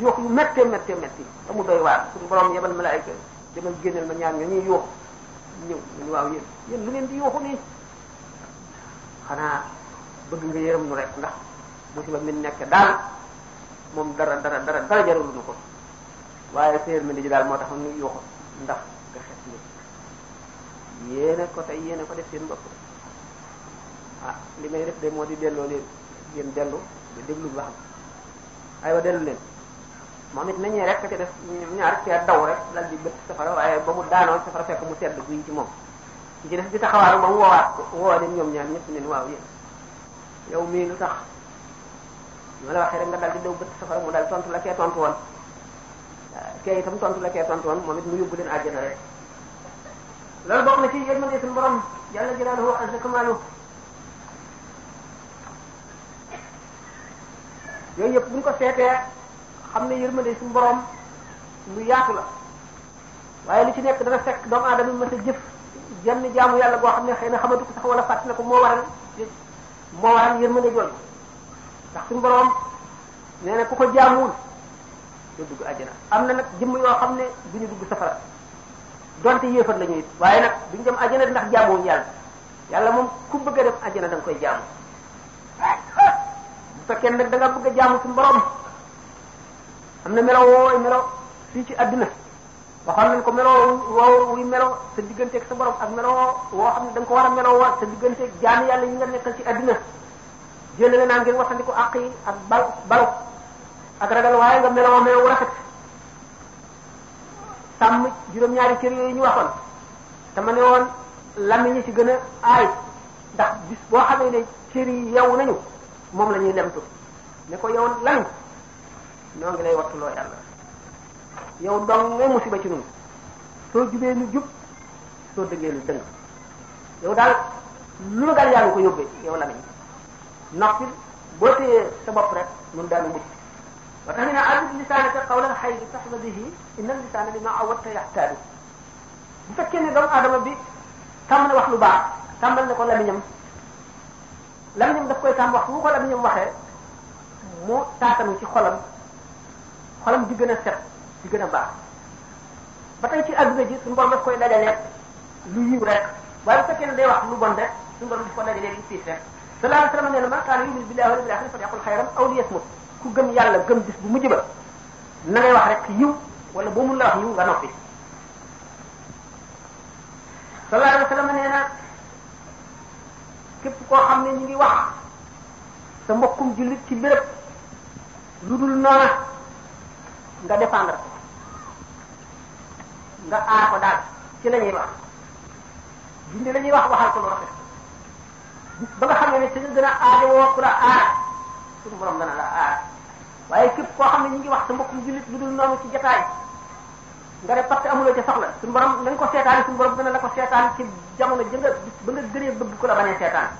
yuuxu yu méttee méttee métti te mu doy waar suñu borom yebal malaayka demal génneel ma ñaar ñoo ñuy yuuxu ñëw ñu waaw yéen lu leen di waxu nii xanaa bëgg nga yërëm nu rek ndax musiba mi nekk daal moom dara dara dara jarul nu ko waaye séer mi di daal moo tax nu yuuxu ndax nga xet ni yéene ko tey yéene ko def seen bopp ah li may def de moo di delloo leen ngeen dellu déglu bu baax aywa dellu leen moom it nañu rek ka ca def ñaar cee daw rek dal di bët safara waaye ba mu daanoo safara fekk mu sedd guy ci moom ci def di taxawaaru ba mu woowaat waa woo leen ñoom ñaar ñëpp ne waaw yéen yow mii lu tax ñoo la waxee rek nga dal di daw bët safara mu dal tontu la kee tontu woon kee itam tontu la kee tontu woon moom it mu yóbbu leen àjjana rek loolu bokk na ci yërmande suñu borom jàlla jëlaaluhu azza kamaalu yooyu yëpp buñ ko seetee xam ne yërmande suñu borom lu yaatu la waaye lu ci nekk dana fekk doomu aadama mën a jëf jenn jaamu yàlla goo xam ne xëy na xamatu ko sax wala fàttali ko moo waral moo waral yërmande jooju ndax suñu borom nee na ku ko jaamuwul doo dugg àjjana am na nag jëmm yoo xam ne du ñu dugg safara donte yéefar la waaye nag duñ dem àjjana ndax jaamuwuñ yàlla yàlla moom ku bëgg a dem àjjana da koy jaamu bu fekkee nag da bëgg a jaamu suñu borom. am na melo wooy melo fii ci àdduna waxoon nañ ko melo woow wuy melo sa digganteeg sa borom ak melo woo xam ne ko war a melo wa sa digganteeg jaam yàlla nga nekkal ci àdduna jëlale naa ngeen waxandiku àq yi ak bal balu ak ragal waaye nga meloo melow rafet sàmm juróom-ñaari cër yooyu ñu waxoon te ma ne ci gën a aay ndax bis boo xamee ne cër yi yew nañu moom la ñuy lemtu ne ko yow lamiñ ñoo ngi lay wattuloo yàlla yow dong nga musiba ci nun soo jubee lu jub soo dëggee lu dëng yow daal lu la daal yàlla ko yóbbee yow la nañ noppi boo téyee sa bopp rek mun daanu mucc wa tax ñu ne arbitre lisaanaka qawlan xayri taxba bihi inna lisaana li ma awatta yaxtaadu bu fekkee ne doomu aadama bi tàmm na wax lu baax tàmbal na ko la lamiñam lamiñam daf koy tàmm waxtu wu ko lamiñam waxee mu taatanu ci xolam xolam di gën a set di gën a baax ba tey ci adduna ji suñu borom daf koy dajale lu yiw rek waaye bu fekkee ne day wax lu bon rek suñu borom lu siis rek sallallahu alayhi wa sallam nee na man kaana yu'minu billahi wal yawmil akhir falyaqul khayran aw liyasmut ku gëm yàlla gëm bis bu mujj ba na ngay wax yiw wala boo mun la wax yiw nga noppi sallallahu alayhi wa sallam nee na képp koo xam ne ñu ngi wax sa mbokkum jullit ci béréb lu dul noona nga défendre nga aar ko daal ci la wax dindi la ñuy wax waxal ko lu rafet ba nga xam ne ne ci nga gën a aajowoo ku la aar suñu borom dana la aar waaye képp koo xam ne ñu ngi wax sa mbokkum jullit lu dul noonu ci que amuloo ca soxla suñu borom ko seetaan suñu borom dana la ko seetaan ci jamono jë nga ba nga gënee bëgg ku la bañee seetaan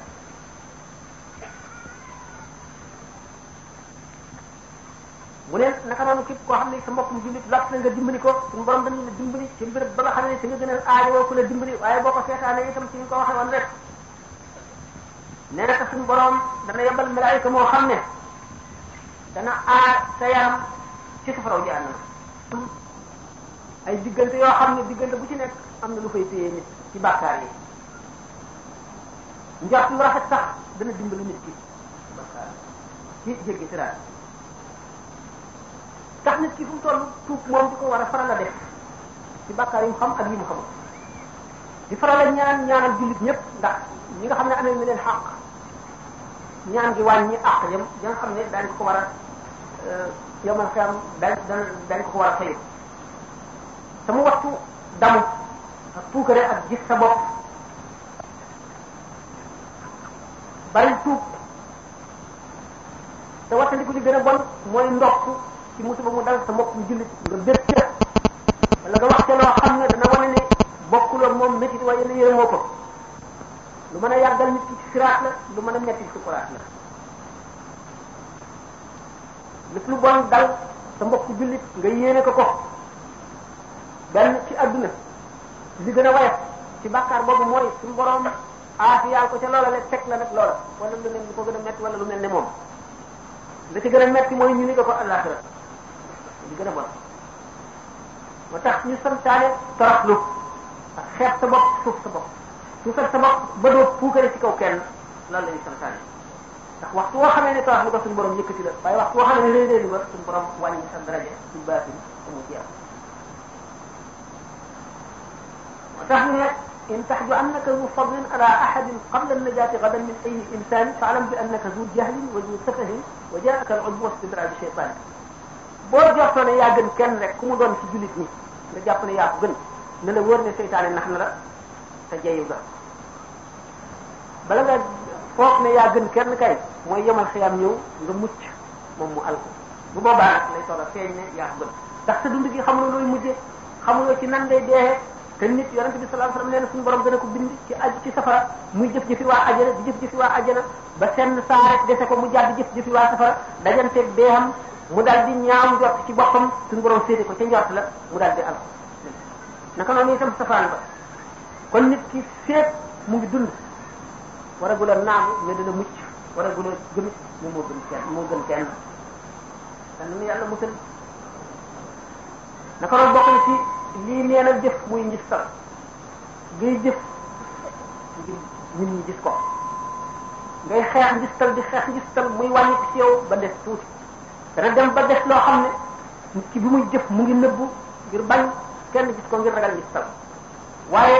mu ne naka noonu képp koo xam ne sa mbokkum jullit lott na nga dimbali ko suñu borom dañu dimbali ba nga xam ne si nga gën a aajowoo ku la dimbali waaye boo ko seetaanee itam suñu ko waxee woon rek nee na suñu borom dana yebal malaayika moo ay diggante yoo xam ne diggante bu ci nekk am na lu fay téye nit ci bàkkaar yi njort lu rafet sax dana dimbali nit ki ci bàkkaar ci jéggi siraat ndax nit ki fu mu tuub moom di ko war a faral a def ci bàkkaar yi mu xam ak yi mu xamul di faral a ñaan ñaanal jullit ñëpp ndax ñi nga xam ne amee na leen ñaan gi wàññi àq xam ne daañu ko war a euh, yomal xiyam daañu daañu ko war a fay sama waxtu damu ak puukare ak gis sa bari tuub te waxtandi ko li gën a bon mooy ndokk ci musiba mu dal sa mbokk mu jullit nga bét ca wala nga wax ca loo xam ne dana wane ne bokkul ak moom métit waaye la yéemoo ko lu mën a yàggal nit ki ci siraat la lu mën a metti ci sukuraat la lu ko benn ci adduna li gën a wayaf ci bàkkaar boobu suñu borom aafiyaal ko ca loola le la nag loola wala ko gën wala lu mel ne moom li ci gën a metti mooy ñu ni ko ko li gën a bon moo tax ñu santaane toroxlu ak xeeb sa bopp suuf sa bopp suufal sa bopp ba doo puukare ci kaw kenn loolu la ñuy santaane ndax waxtu woo xamee ne toroxlu ko suñu borom yëkkati la waaye waxtu woo xamee ne léeg-léeg lu ba suñu borom wàññi sa daraja ci baatin amu ci am moo tax ñu ne in taxju annaka zu fadlin ala ahadin qabla najaati gadan min ayi insaan fa alam bi annaka zu jahlin wa zu safahin wa jaaka al udwa istidraaj shaytaan boo jortoo ne yaa gën kenn rek ku mu doon ci jullit ñi nga jàpp ne yaa ko gën ne la wóor na seytaane nax na la te jeyu ga bala nga foog ne yaa gën kenn kay mooy yemal xiyam ñëw nga mucc moom mu alko bu boobaa nag lay soog a feeñ ne yaa ko gën ndax sa dund gi xamuloo looy mujje xamuloo ci nan day deexee te nit yonent bi sallallahu alayhi wasallam nee na suñu borom dana ko bind ci aj ci safara muy jëf jëfi waa ajana di jëf jëfi waa ba senn saa rek dese ko mu jàdd jëf jëfi waa safara dajanteeg deexam mu daal di ñaaw njort ci boppam suñu borom séete ko ca njort la mu daal di alko naka noonu itam safaan ba kon nit ki féeg mu ngi dund war a gula naagu mais dana mucc war a gula gëmit moom moo gën kenn moo gën kenn dan nu yàlla musal naka noonu bokk na ci lii neenal jëf muy ngis sal ngay jëf ngir nit ñi gis ko ngay xeex ngis tal di xeex ngis tal muy wàññi ci yow ba des tuuti dana dem ba def loo xam ne ci bi mu jëf mu ngi nëbbu ngir bañ kenn gis ko ngir ragal gis tal waaye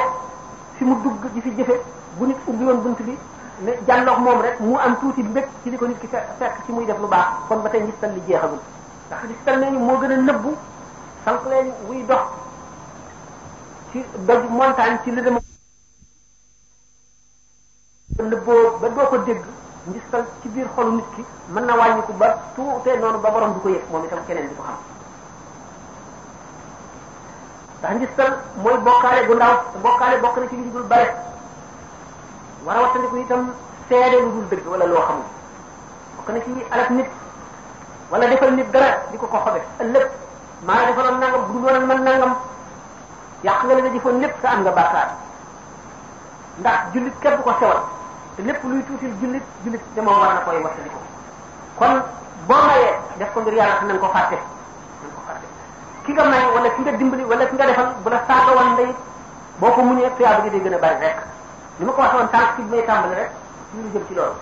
fi mu dugg di fi jëfe bu nit ubbi bunt bi ne jàlloog moom rek mu am tuuti mbég ci li ko nit ki fekk ci muy def lu baax kon ba tey gis tal li jeexagul ndax gis tal nañu moo gën a nëbbu sànq leen wuy dox ci doj montagne ci li a nëbboo ba doo ko dégg njistal ci biir xolu nit ki mën na wàññiku ba tuutee noonu ba borom du ko yëg moom itam keneen du ko xam ndax bokk na ci liñ dul bare itam seede lu wala loo xamul ci alal nit wala defal nit di ko ko xobe ëllëg maa defaloon nangam bu dul nga la lépp am nga bàkkaar ndax jullit képp ko sewal te lépp luy tuutil jullit jullit te moom war na koy wattali ko kon boo mayee def ko ngir yàlla xam nañ ko fàtte nañ ko fàtte ki nga may wala ki nga dimbali wala ki nga defal bu la saaga wan ndey boo ko muñee tuyaaba gi day gën a bari rek li ma ko waxee woon tànk ci bi may tàmbali rek ci lu jëm ci loolu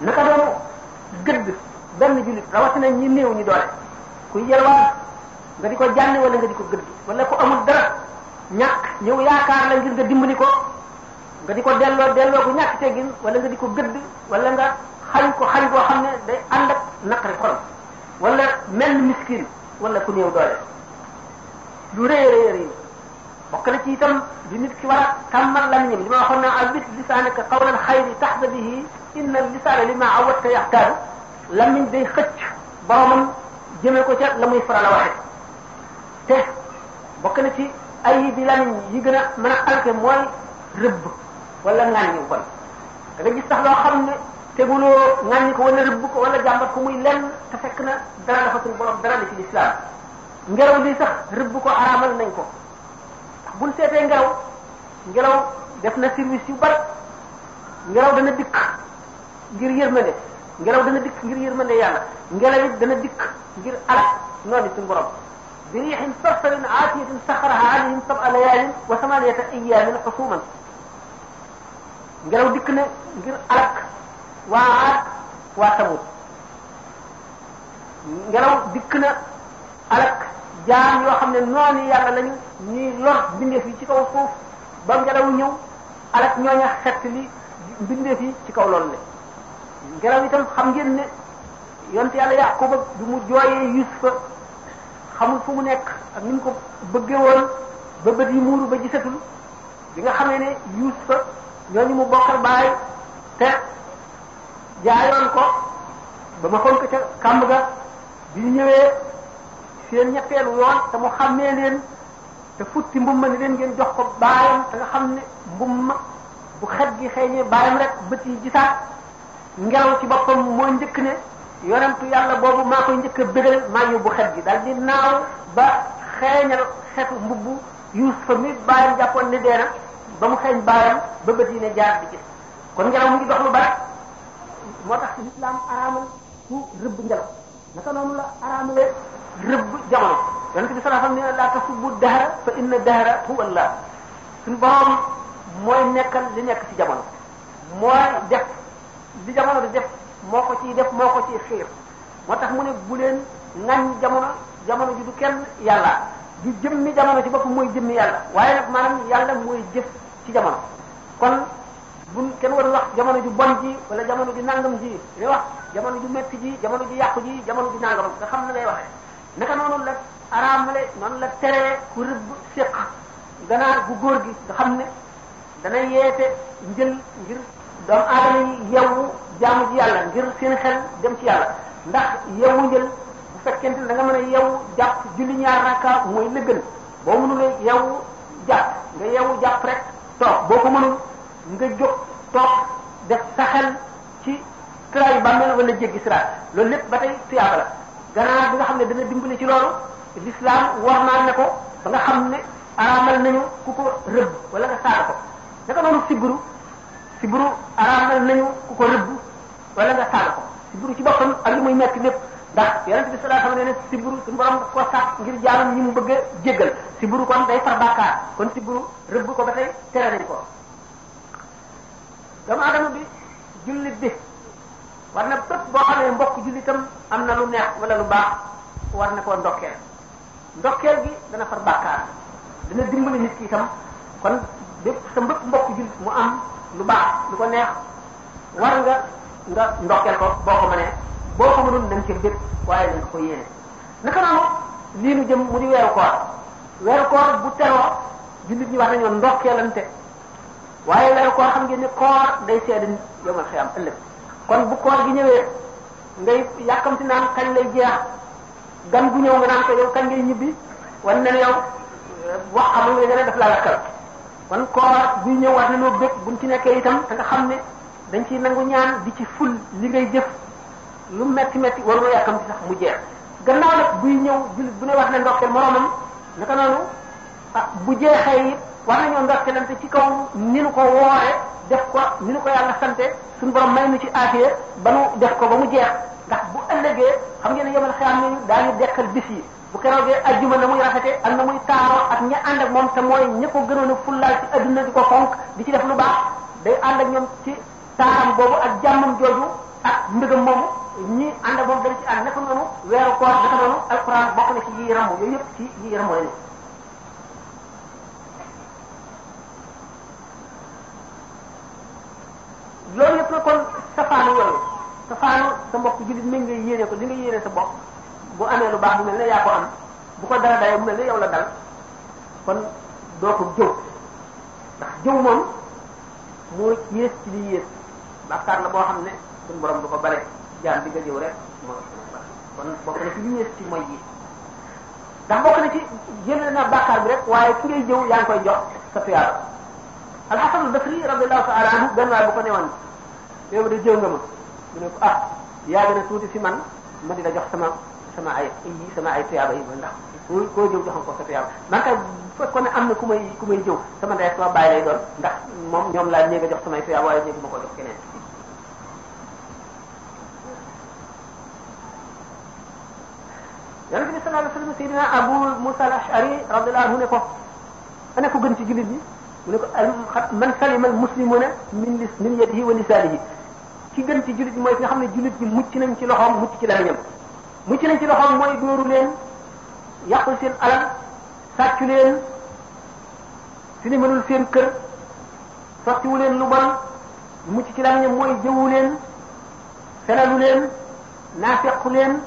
naka doon gëdd benn jullit rawatina ñi néew ñi doole kuy yelwaan nga di ko jànni wala nga di ko gëdd wala ku amul dara ñàkk ñëw yaakaar la ngir nga dimbali ko nga di ko delloo delloo bu ñàkk teggin wala nga di ko gëdd wala nga xañ ko xañ boo xam ne day naqari xol wala mel miskin wala ku néew doole lu rëy rëy rëy na ci di nit ki war a tàmmal lamiñam li ma waxoon naa albit lisaanaka qawlan xayri taxda bihi inna lisaana li ma awatta yaxtaar lamiñ day xëcc boromam jëmee ko ca la muy faral a waxe te bokk na ci ay di yi gën a mën a alke wala ŋàññi ko kon da nga gis sax loo xam ne teguloo ŋàññi ko wala rëbb ko wala jàmbat ko muy lenn te fekk na dara dafa suñu borom dara la ci lislaam sax rëbb ko araamal nañ ko ndax buñ seetee ngelaw ngelaw def na service yu bari ngelaw dana dikk ngir yërmande ngelaw dana dikk ngir yërmande yàlla ngelaw it dana dikk ngir alal noonu suñu borom bi riixin sarsarin aatiyatin saxaraha alayhim sab'a layaalin wa samaniyata ayaamin xusuman ngelaw dikk na ngir alak waa aat waa samut ngelaw dikk na alak jaam yoo xam ne noonu yàlla lañu ñuy lor mbindeef yi ci kaw suuf ba ngelaw ñëw alak ñooña xett li mbindeef yi ci kaw loolu le ngelaw itam xam ngeen ne yonte yàlla Yaquba bi mu jooyee Yusufa xamul fu mu nekk ak ni ko bëggee woon ba bët yi muuru ba gisatul bi nga xamee ne Yusufa ñooñu mu bokkal baay te jaayoon ko ba ma xon ca kàmb ga bi ñu ñëwee seen ñetteelu yoon te mu xàmmee leen te futti mbumma ni leen ngeen jox ko baayam te nga xam ne ma bu xet gi xeeñee baayam rek bët yi gisaat ngelaw ci boppam moo njëkk ne yonentu yàlla boobu maa koy njëkk a bégal maa yóbbu xet gi dal di naaw ba xeeñal xetu mbubbu yuusufa mi baayam jàppoon ne dee na ba mu xeeñ baayam ba bët yi ne jaar di gis kon ngelaw mu ngi dox lu bari moo tax lislaam araamal ku rëbb ngelaw naka noonu la araamalee rëbb jamono yonent bi sallallahu alayhi wa sallam ne laa tasubbu dahra fa inna Allah suñu mooy nekkal li nekk ci jamono mooy def li jamono di def moo ko ciy def moo ko ciy xiir moo tax mu ne bu leen ŋañ jamono jamono ji du kenn yàlla du jëmmi jamono ci bopp mooy jëmmi yàlla waaye nag maanaam yàlla mooy jëf ci jamono kon buñ kenn war wax jamono ju bon ji wala jamono ji nangam ji li wax jamono ju métti ji jamono ju yàqu ji jamono ju nangam nga xam ne ngay waxee naka noonu la araamale noonu la teree ku rëbb séq gu góor gi nga xam ne dana yeete njël ngir doomu aadama yewwu jaamu ci yàlla ngir seen xel dem ci yàlla ndax yewwu njël bu fekkente ne da nga mën a yewwu jàpp julli ñaar rakka mooy lëggal boo mënulee yewwu jàpp nga yewwu jàpp rek toog boo ko mënul nga jóg toog def sa xel ci tëraayu bàmmeel wala jéggi siraat loolu lépp ba tey tuyaaba la gannaaw bi nga xam ne dana dimbali ci loolu l'islam war naa ne ko ba nga xam ne araamal nañu ku ko rëbb wala nga saaga ko naka noonu sibbiru sibbiru araamal nañu ku ko rëbb wala nga saaga ko sibbiru ci boppam ak li muy nekk lépp ndax yonent bi sallallahu alayhi wasallam ne siburu suñu borom daf ko sax ngir jaamu ñi mu bëgg a jéggal siburu kon day far bàkkaar kon siburu rëbb ko ba tey tere nañ ko doomu adama bi jullit bi war na bépp boo xamee mbokk jullitam am na lu neex wala lu baax war na koo ndokkeel ndokkeel gi dana far bàkkaar dana dimbali nit ki itam kon bépp sa mbëpp mbokk jullit mu am lu baax lu ko neex war nga ndokkeel ko boo ko mënee boo xamuloon da nga cee bég waaye da nga ko yéene naka noonu lii nu jëm mu di weeru koor weeru koor bu teroo jullit ñi wax nañoo ndokkeelante waaye weeru koor xam ngeen ni koor day seede yomal xiyam ëllëg kon bu koor gi ñëwee ngay yàkkamti naan kañ lay jeex gan gu ñëw nga naan ko yow kañ ngay ñibbi wan ne yow euh, wax amul nga gën a def laa lakkal kon koor buy ñëw war nañoo bég buñ ci nekkee itam da nga xam ne dañ ciy nangu ñaan di ci ful li ngay lu metti metti warula yàkkam ci sax mu jeex gannaaw nag buy ñëw bu ne wax ne ndokkeel moroomam naka noonu ah bu jeexee it war nañoo ndokkelante ci kaw ni nu ko woore def ko ni nu ko yàlla sante suñu borom may nu ci aafiya ba nu def ko ba mu jeex ndax bu ëllëgee xam ngeen ne yemal xiyam ni daañu dekkal bis yi bu keroogee ajjuma na muy rafete ak na muy taaroo ak ña ànd ak moom te mooy ña ko gënoon a fullaal ci adduna di ko fonk di ci def lu baax day ànd ak ñoom ci taaram boobu ak jàmmam jooju ah ndëgam moomu ñi ànd ak moom dañ ci noonu weeru koor naka noonu alxuraan bokk na ci yi ramb yooyu yëpp ci yi ramb lañu loolu yëpp nag kon safaanu yooyu safaanu sa mbokk jullit mi ngay yéene ko li nga yéene sa bopp bu amee lu baax bu mel ne yaa ko am bu ko dara dayoo bu mel ne yow la dal kon doo ko jëw ndax jëw moom moo yées ci li yées bàkkaar la boo xam ne suñu borom du ko bare jaam bi nga ñëw rek moo kon bokk na ci li ci mooy yi ndax bokk na ci jël na bàkkaar bi rek waaye ki ngay jëw yaa ngi koy jox sa tuyaaba alxasan albasri radiallahu taala anhu benn waay bu ko newoon yow de jëw nga ma mu ne ko ah yaa gën a tuuti fi man ma di la jox sama sama ay yi ay tuyaaba yi ma ndax koo jëw joxam ko sa tuyaaba man kay fekkoon am na ku may ku may jëw sama ndey sama bàyyi lay doon ndax moom ñoom laa ñee nga jox samay tuyaaba waaye ñee ko jox yonente bi sallallahu alayhi wasallam sayyidina Abu Musa al-Ash'ari radiyallahu anhu ne ko ana ko gën ci jullit ñi mu ne ko man salima al-muslimuna min lis min yadihi wa lisanihi ci gën ci jullit ñi mooy ki nga xam ne jullit ñi mucc nañ ci loxoom mucc ci làmmiñam mucc nañ ci loxoom mooy dóoru leen yàqul seen alal sàccu leen si ni mënul seen kër sottiwu leen lu bon mucc ci làmmiñam mooy jëwu leen felalu leen naafequ leen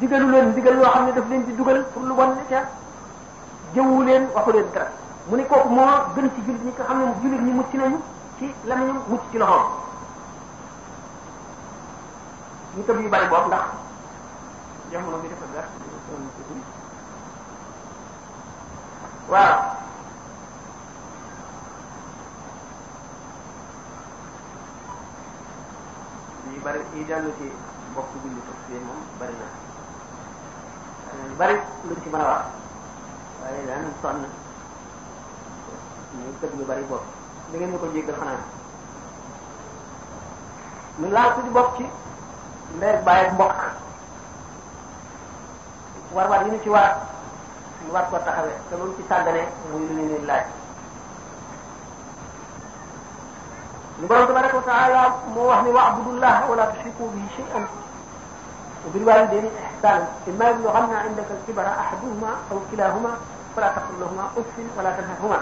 digalu leen digal loo xam ne daf leen di dugal pour lu bon ca jëwu leen waxu leen mu ne kooku moo gën ci jullit ñi nga ñi mucc nañu ci lamiñu mucc ci loxoom ñu tëb yu bari boobu ndax jamono bi dafa gàtt waaw yu bari yi dellu ci jullit ak moom bari na ñu hmm, bari luñ ci mën a wax waaye daan sonn ñu tëb yu bari bopp da ngeen ñu ko jéggal xanaa ñu laal suñu bopp ci ndey ak bàyyi mbokk war war yi ñu ci war ñu war ko taxawee te loolu ci sàggane muy lu ñu leen laaj ñu borom tabaraka wa taala moo wax ni wa abudullah wala tushriku bihi shay'an وبالوالدين إحسانا إما يبلغن عندك الكبر أحدهما أو كلاهما فلا تقل لهما أف ولا تنهرهما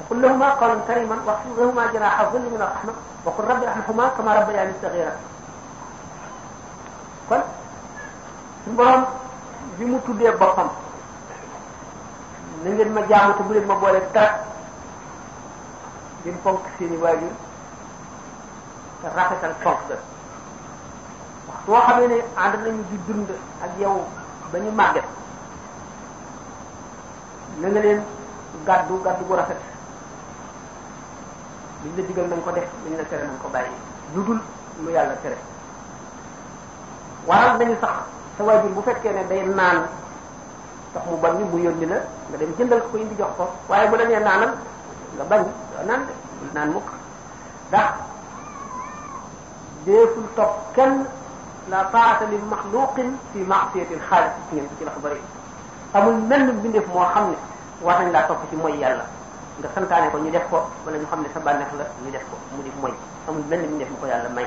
وقل لهما قولا كريما واخفض لهما جناح الظل من الرحمة وقل رب ارحمهما كما ربياني صغيرا kon suñu borom bi mu tuddee boppam na ngeen ma jaamu te bu leen ma boole dara ngeen fonk seeni waajur te rafetal fonk ga soo xamee ne ànd nañu di dund ak yow ba ñu màgget na nga leen gàddu gàddu bu rafet liñ la diggal nañ ko def liñ la tere nañ ko bàyyi lu dul lu yàlla tere waral nañu sax sa waajur bu fekkee ne day naan tax mu bañ mu yónni la nga dem jëndal ko indi jox ko waaye bu la nee naanal nga bañ doo naan de bul naan mukk ndax deeful topp kenn la taata li maxluqin fi maasiyatil xaaliq ci ci la ko bëri amul menn bindeef moo xam ne wax nañ laa topp ci mooy yàlla nga santaane ko ñu def ko wala ñu xam ne sa bànneex la ñu def ko mu di mu amul menn bindeef mu ko yàlla may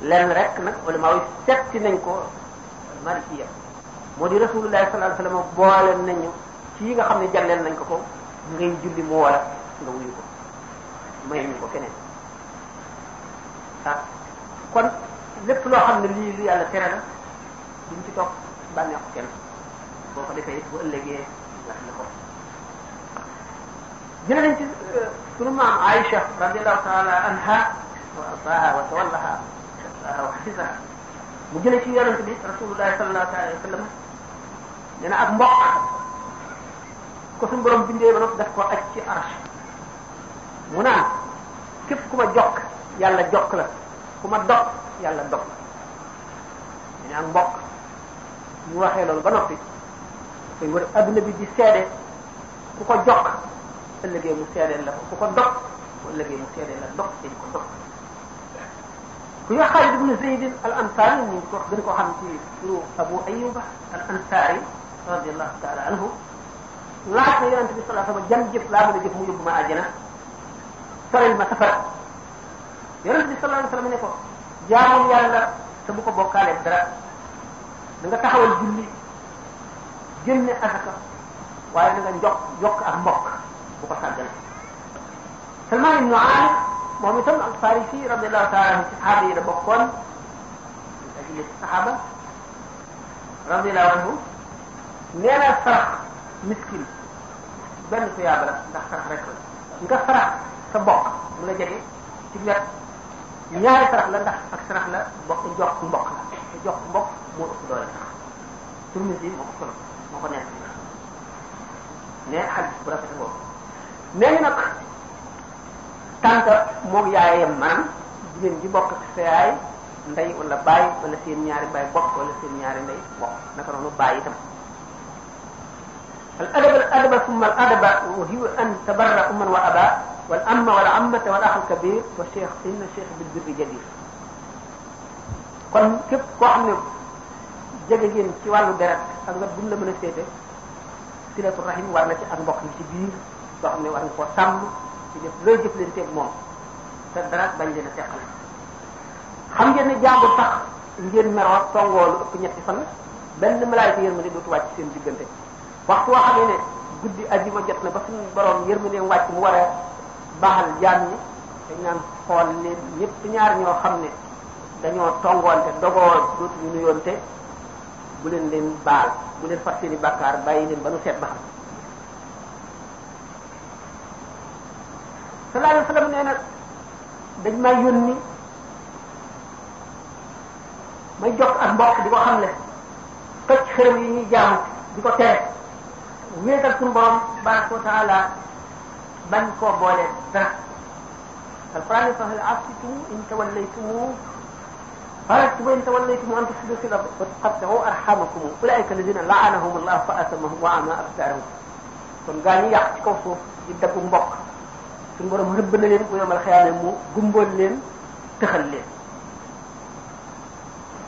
lenn rek nag ulama yi setti nañ ko malikiya moo di rasulullahi sallallahu alayhi wasallam boole nañu ci yi nga xam ne jagleel nañ ko ko ngay julli mu wala nga wuyu ko mayuñu ko keneen ah lépp loo xam ne lii lu yàlla tere la duñ ci topp boo ko defee bu ëllëgee nga xam ne ko jëlee nañ ci euh, sunu maam Aïcha radiyallahu taala anha wa ardaha wa tawallaha wa hafizaha mu jëlee ci yonent bi rasulullahi sallallahu alayhi wa sallam nee na ak mbokk ko suñu borom bindee ba daf ko aj ci arsh mu naan képp ku ma jokk yàlla jokk la ku ma yàlla dog ñu ne ak mbokk mu waxee loolu ba noppi dafay wër adduna bi di seede ku ko jox ëllëgee mu seedeel la ko ku ko dog bu ëllëgee mu seedeel la dog dañ ko dog ku ñuy wax Xaalid ibnu Zayd al Ansaari ñu ko gën ko xam ci turu Abu Ayyuba al Ansaari radiyallahu taala anhu laaj na yonente bi sallallahu alayhi wa sallam jan jëf laa mën a jëf mu yóbbu ma àjjana sorel ma safara yonente bi sallallahu alayhi wa sallam ne ko jaamul yàlla te bu ko bokkaale dara na nga taxawal julli génne asaka waaye na nga njokk yokk ak mbokk bu ko sàggale Salman ibnu Aarif moom itam al Farisi radiyallahu taala anhu ci saxaaba yi la bokkoon ajile ci saxaaba radiyallahu anhu nee na sarax miskin benn tuyaaba la ndax sarax rek la nga sarax sa bokk mu la jege ci wet ñaari sarax la ndax ak sarax la bokk jox mbokk la te jox mbokk moo ëpp doole sarax Tirmisi moo ko solo moo ko nekk mais xadis bu rafet boobu nee ñu nag tànta moog yaayam ji bokk ak sa yaay ndey wala baay wala seen ñaari baay bokk wala seen ñaari ndey bokk naka noonu baay itam al adaba summa adaba wa hiwa an tabarra umman wa aba wal amma wal ammata wal axul kabir wa cheikh inna cheikh bil birri jadir kon képp koo xam ne jege ngeen ci wàllu deret ak wet bu la mën a féete silatu rahim war na ci ak mbokk yi ci biir loo xam ne war nga koo sàmm ci def looy jëflanteeg moom te dara bañ leen xam ngeen ne jàngul tax ngeen meroo tongoolu ëpp ñetti fan benn malaayika yërmande dootu wàcc seen diggante waxtu woo xamee ne guddi ajjuma jot na ba suñu borom yërmandeem wàcc mu war a baaxal jaam yi dañ naan xool leen ñëpp ñaar ñoo xam ne dañoo tongoonte dogoo dootuñu nuyoonte bu leen leen baal bu leen fat seeni bàkkaar bàyyi leen ba nu seet ba xam sallallahu alayhi wasallam nee na dañ may yónni may jox ak mbokk di ko xam ne këcc xërëm yi ñuy jaamu di ko tere wéetal suñu borom tabaraka wa bañ koo boole dara alquran yi sax asitum in tawallaytumu فأكتبوا إن توليتم أن تفسدوا في الأرض وتقطعوا أرحامكم أولئك الذين لعنهم الله فأسمهم وأعمى أبصارهم kon gaa ñi yàq ci kaw suuf di daggu mbokk suñu borom rëbb na leen bu yomal xëyaane mu gumboon leen tëxal leen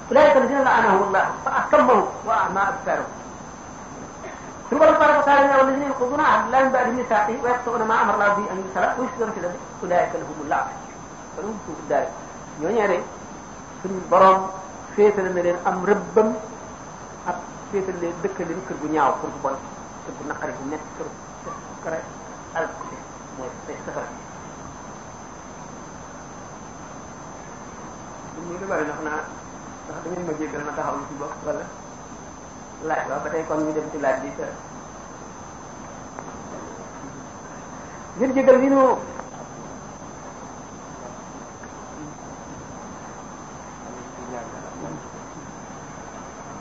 أولئك الذين لعنهم الله فأسمهم وأعمى أبصارهم suñu borom tabaraka taala ne wala ñuy xuduna ak lan ba di misaaqi wa yaqtuuna ma amara llahu bihi an yusala wa yusduna fi l-ardi ulaa'ika lahumu l-la'natu wa lahum suu'u d-daar ñoo ñee de suñu borom féetale na leen am rëbbam ak féetale leen dëkkal leen kër gu ñaaw kër gu bon kër gu naqari bu nekk kër gu kër al côté mooy tey safara ñu ngi bari ndax naa ndax da ngeen ma jéggal ma taxaw ci bopp wala laaj waaw ba tey kon ñu dem ci laaj bi te ngir jëgal li ñu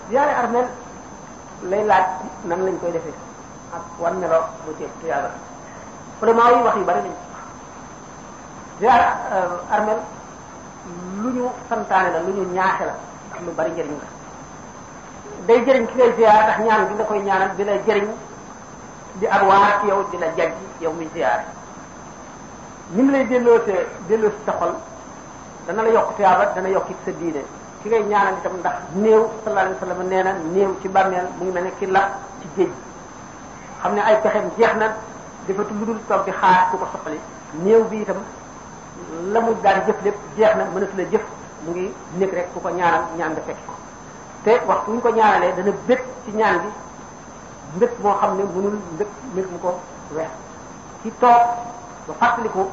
ziyaare armeel lay laaj nan lañ koy defee ak wan melo bu ci tuyaaba vraiment yi wax yu bari lañ ziyaare armeel lu ñu santaane la lu ñu ñaaxe la lu bari njëriñ la day jëriñ ki ngay ziyaar ndax ñaan bi nga koy ñaanal di la jëriñ di ab waar ci yow di la jaj yow muy ziyaar ni mu lay delloosee delloosi sa xol dana la yokk tiyaaba dana yokk sa diine ki ngay ñaanal itam ndax néew sallallahu alayhi nee na néew ci bàmmeel mu ngi mel ne ki lap ci géej xam ne ay pexem jeex na defatu lu dul toog di xaar ku ko soxali néew bi itam la mu daan jëf lépp jeex na mënatu la jëf mu ngi nekk rek ku ko ñaanal ñaan nga te waxtu ñu ko ñaanalee dana bég ci ñaan bi mbég moo xam ne mënul mbég mbég mu ko weex ci toog ba fàttaliku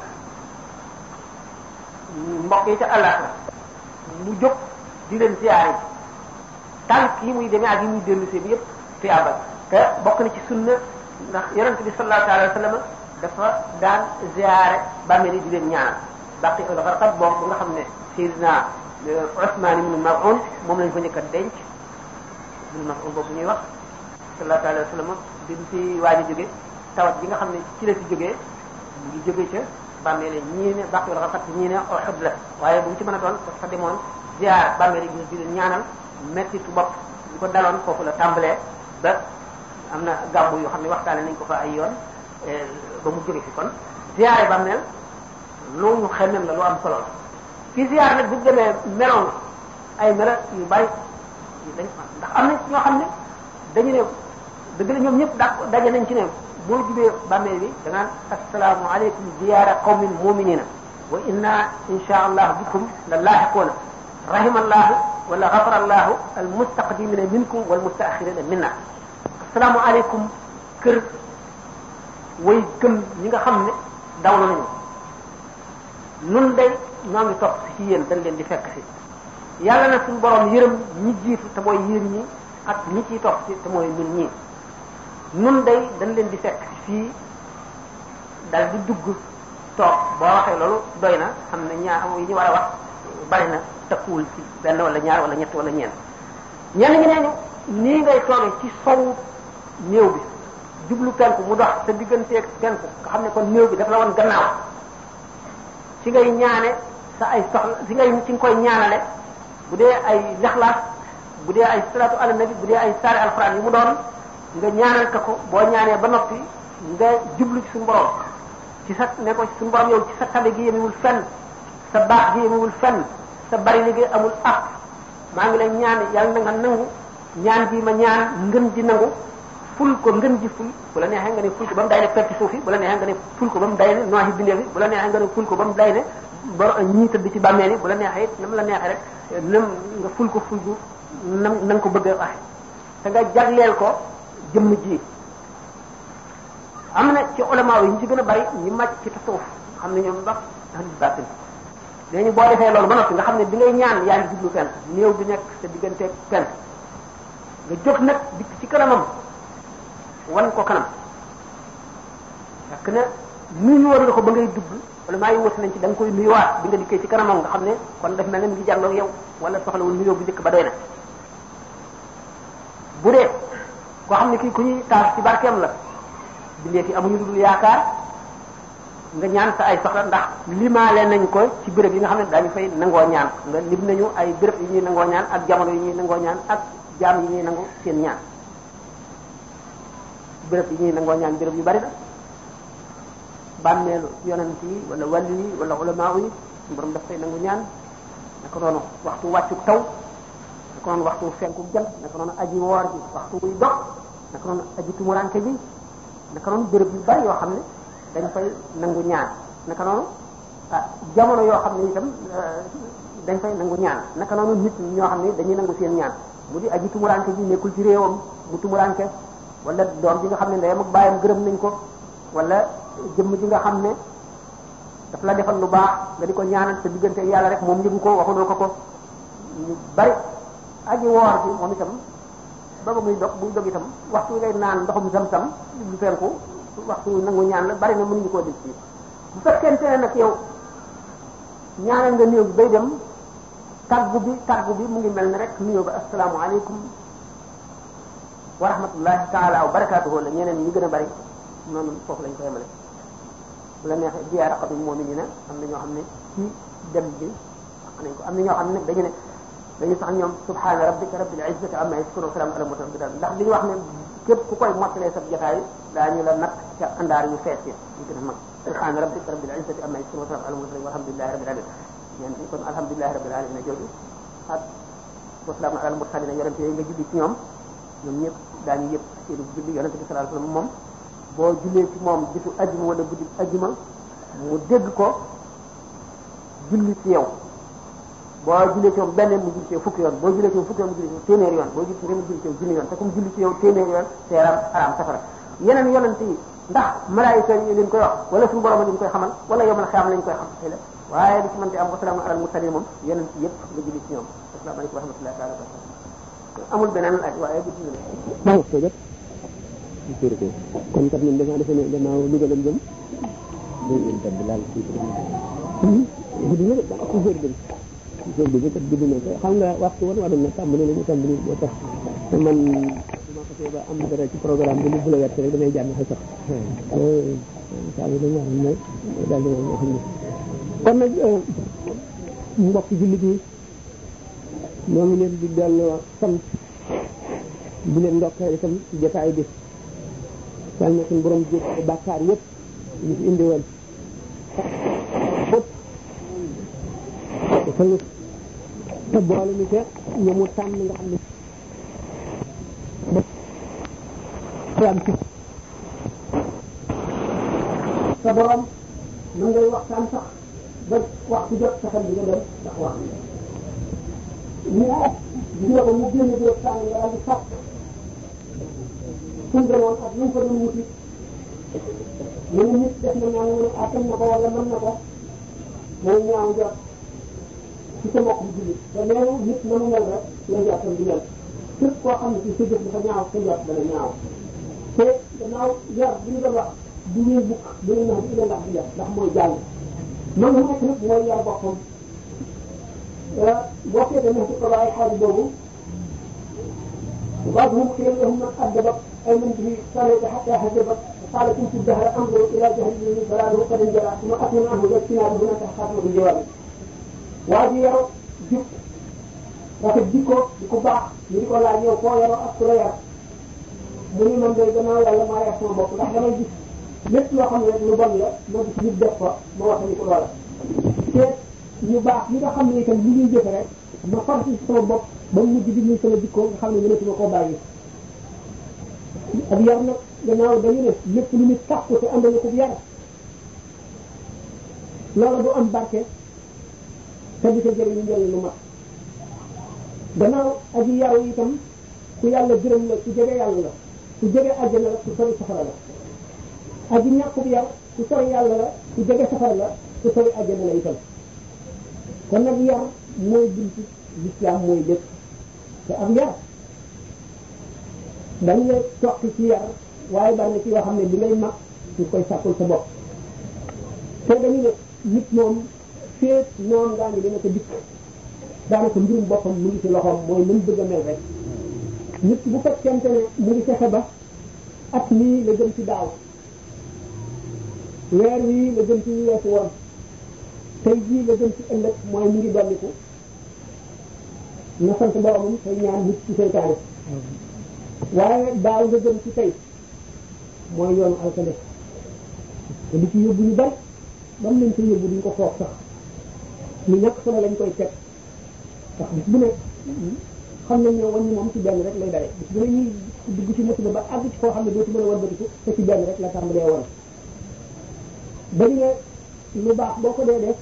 mbokk yi ca àllaxira mu jóg di leen siyaare tànk yi muy demee ak yi muy dellusee bi yëpp tiyaabal te bokk na ci sunna ndax yonente bi sallallahu alayhi wa sallam dafa daan ziyaare bàmmeel yi di leen ñaanal baqi al gharqab boobu nga xam ne Seydina Usmaan ibn Maz'un moom lañ fa njëkk a denc ibn Maz'un boobu ñuy wax sallallahu alayhi wa sallam bi mu fi waaj jóge tawat bi nga xam ne ci la si jógee mu ngi jóge ca bàmmeele ñii ne bàq wala ñii ne Uhud waaye bu ci mën a doon parce que demoon ziar bàmmeele yi di leen ñaanal tu bopp ñu ko daloon foofu la tàmbalee ba na gàmbu yoo xam ne waxtaane nañ ko fa ay yoon eh, ba mu jóge fi kon ziar bàmmeel lu ñu xemem la lu am solo ci ziar nag bu demee meloon ay melo yu bari yu dañ ndax am na ñoo xam ne dañu ne dëgg la ñoom ñëpp da daje nañ ci ne boo jubee bàmmeel bi da naan assalaamu aleykum ziyaara qawmin muminina wa inna insha allah bikum la laaxiqoona rahima allahu wala gafara allahu al mustaqdimina minkum wal mustaaxirina minna assalaamu aleykum kër way gëm ñi nga xam ne dawlu nañu nun day noo ngi topp si ci yéen dañ leen di fekk si yàlla na suñu borom yërëm ñi jiitu te mooy yéen ñi ak ñi dañ leen di fekk fii dal di dugg toog boo waxee doy na xam ne ñaar yi na takkuwul benn wala ñaar wala ñett wala ñeent ñenn ñi neñu nii ngay toogee ci néew bi jublu penku mu dox te digganteeg penku nga xam ne kon néew bi dafa la woon gannaaw ci ngay ñaane sa ay soxla fi ngay fi nga koy ñaanale bu dee ay lexlaas bu dee ay salaatu ala bu dee ay saare alxuraan yu mu doon nga ñaanal ka ko boo ñaanee ba noppi nga jublu ci suñu borom ci sa ne ko ci suñu borom ci sa tabe gi yemewul fenn sa baax gi yemewul fenn sa bari liggéey amul ak maa ngi lay ñaan yàlla na nga nangu ñaan bii ma ñaan ngën ji nangu ful ko ngën ji ful bu neexee nga ne ful ko ba mu day ne perti suuf yi bu la neexee nga ne ful ko ba mu day ne nooxi bindee fi bu neexee nga ne ful ko ba mu bor ñii tëdd ci bàmmeel yi bu la neexee it nam la neexee rek nam nga ful ko ful nam na nga ko bëgg a waxe te nga jagleel ko jëmm ji am na ci ulama yi ñu ci gën a bari ñi màcc ci tasawuf xam ne ñoom bax boo defee loolu ba noppi nga xam ne bi ngay ñaan yaa ngi jublu fenn néew bi nekk sa digganteeg fenn nga jóg nag dikk ci kanamam wan ko kanam fekk na nuyu war nga ko ba ngay jublu wala maa yi wut nañ ci da nga koy nuyuwaat bi nga dikkee ci kanamam nga xam ne kon daf mel ne mi ngi jàndoog yow wala wu nuyoo bu njëkk ba doy na bu dee koo xam ne kii ku ñuy taas ci barkeem la bindeeti amuñu dul yaakaar nga ñaan sa ay soxla ndax limaale nañ ko ci béréb yi nga xam ne daañu fay nangoo ñaan nga lim nañu ay béréb yi ñuy nangoo ñaan ak jamono yi ñuy nangoo ñaan ak jaam yi ñuy nangu seen ñaan bërëb yi ñuy nangoo ñaan béréb yu bari bàmmeelu yonent yi wala wàllu yi wala ulama yi suñu borom daf nangu ñaan naka noonu waxtu wàccu taw naka noonu waxtu fenku jant naka noonu aji woor ji waxtu wuy dox naka noonu aji tumuranke ji yu bari yoo xam ne dañ fay nangu ñaan naka noonu ah jamono yoo xam ne itam ah, dañ fay nangu ñaan naka noonu nit ñoo xam ne dañuy nangu seen ñaan mu di aji tumuranke ji nekkul ci réewam mu tumuranke wala bi nga xam ne ndeyam ak baayam gërëm nañ ko wala jëmm ji nga xam ne daf la defal lu baax nga di ko ñaanal sa diggante yàlla rek moom yëgu ko waxuloo ko ko ñu bari aji woor bi moom itam ba muy dog buy dog itam waxtu ngay naan ndoxum sam-sam lu fenku waxtu nangu ñaan la bari na mënuñu koo dégg ci bu fekkente ne nag yow ñaanal nga nuyoo bi bay dem tàggu bi tàggu bi mu ngi mel ni rek nuyoo ba asalaamaaleykum wa rahmatullahi taala wa barakatuhu la ñeneen ñi gën a bari noonu foofu lañ ko la neexee jiyaar a xatul moom na am na ñoo xam ne ci dem am na ñoo xam ne dañu ne dañu sax ñoom subhaana rabbika rabbil izzati amma yasifun salaam ala mursalin ndax li ñu wax ne képp ku koy mottalee sa daa ñu la nag ca andaar yu fees ya yu gën a mag subhaana rabbika rabbil izzati amma yasifun salaam ala mursalin walhamdulillahi rabbil am ñeen ñi kon alhamdulillahi rabbil alamin jooju ak wasalaamu ala mursalin yonente yooyu nga julli ci ñoom ñoom ñëpp daañu yëpp seen julli yonente bi sallallahu alayhi wasallam moom boo jullee ci moom bisu ajuma wala guddi ajuma mu dégg ko julli ci yow boo jullee ci moom benn mu julli ci yow fukki yoon boo jullee ci moom fukki yoon mu julli ci yoon boo julli ci moom julli ci yow junni yoon te comme julli ci yow téeméer yoon te yaram safara yeneen yonent yi ndax malaayika yi leen koy wax wala suñu borom lañ koy xamal wala yow man xam lañ koy xam tey la waaye li ci mënti am wasalaamu alal mursalin yeneen yonent yëpp nga julli ci ñoom asalaamaaleykum wa rahmatullahi taala amul beneen ak waaye bu sécurité kon kat ñun dañoo defe ne gannaaw Louga lañ jëm dégg nga laal hmm? guddi na de ci heure bi ci heure bi kat guddi na ko xam nga waxtu woon waroon na tàmbali la ñu tàmbali boo tax man bu ma xasee ba am dara ci programme bi lu bu la wett rek damay jàmm xëcc saa bi dañu waxoon ne daal di wax ne kon nag euh, mbokk jullit yi ñoo ngi leen di delloo sant di leen ndokkee itam ci jotaay bi yàlla na suñu borom jéggal bàkkaar yëpp ñu fi indi woon bëpp te boole ñu ca ñu mu tànn nga xam ne am ci sa borom waxtaan sax ba waxtu jot sa xel bi nga dem ndax wax ñu mu génn di waxtaan nga daal di tundre woon ak luñ ko doon wuti mu ne def na ñaaw ne attan na ko wala mën na ko mooy ñaaw jot ci sa mbokk bi te loolu nit na mu mel rek la jottam di mel képp koo xam ne si sa jëf dafa ñaaw ñu doon wax du ñuy bukk du ñuy nax di ndax di yar ndax mooy jàng man mu nekk nag mooy yar boppam boo seetee nekk ci xabaar xaalis boobu baax na mu xëy na mu nag أي به فرد حتى هجبت وقال كنت الدهر أنظر إلى جهنم ضلاله قد انجلى ثم أتم عنه الاجتناب هناك خاتمة الجواب waaji yaru jub rafet jikko di ko baax ñu di ko laaj yow foo yaroo ak ku la yar mu ni man day gannaaw yàlla maa yar sama bopp ndax damay gis lépp loo xam ne rek lu bon la ma gis nit def ko ma wax ni ko loola te ñu baax ñi nga xam ne itam li ñuy jëfe rek ma farsi sama bopp ba mu mujj di muy sama jikko nga xam ne mënatuma koo bàyyi ak yar nag gannaaw dañu ne lépp lu nit tàkku te àndal ko yar loolu du am barke te di ko jëriñ njëriñ lu mag gannaaw ak yaru itam ku yàlla gërëm la ku jege yàlla la ku jege àjjana la ku sori yàlla la ku jege safara la ku sori àjjana la itam kon nag yar mooy buntu lislaam mooy lépp te am yar dañ lay toqi ci yar waaye bari na ci yoo xam ne bi ngay mag ñu koy sàkkul sa bopp te dañu ne nit moom féet noonu daa ngi dana ko dikk daanaka mbirum boppam mu ngi ci loxoom mooy lu mu bëgg a mel rek ngi fexe la jëm ci daaw weer wii la jëm ci ñu weesu woon tey jii la jëm ci ëllëg mooy mu ngi dolliku na sant boromam tey ñaan nit ci seytaane waaye daaw nga gëm ci tey mooy yoonu alkande te li ci yóbbu ñu bari ba mu leen ko yóbbu duñ ko foog sax ñu ñàkk solo lañ koy teg ndax bis bu ne xam nañ ne wàññi moom ci benn rek lay dale bis bu ne ñuy dugg ci musiba ba àgg ci koo xam ne dootu mën a walbatiku te ci benn rek la tàmbalee woon dañ ne lu baax boo ko dee def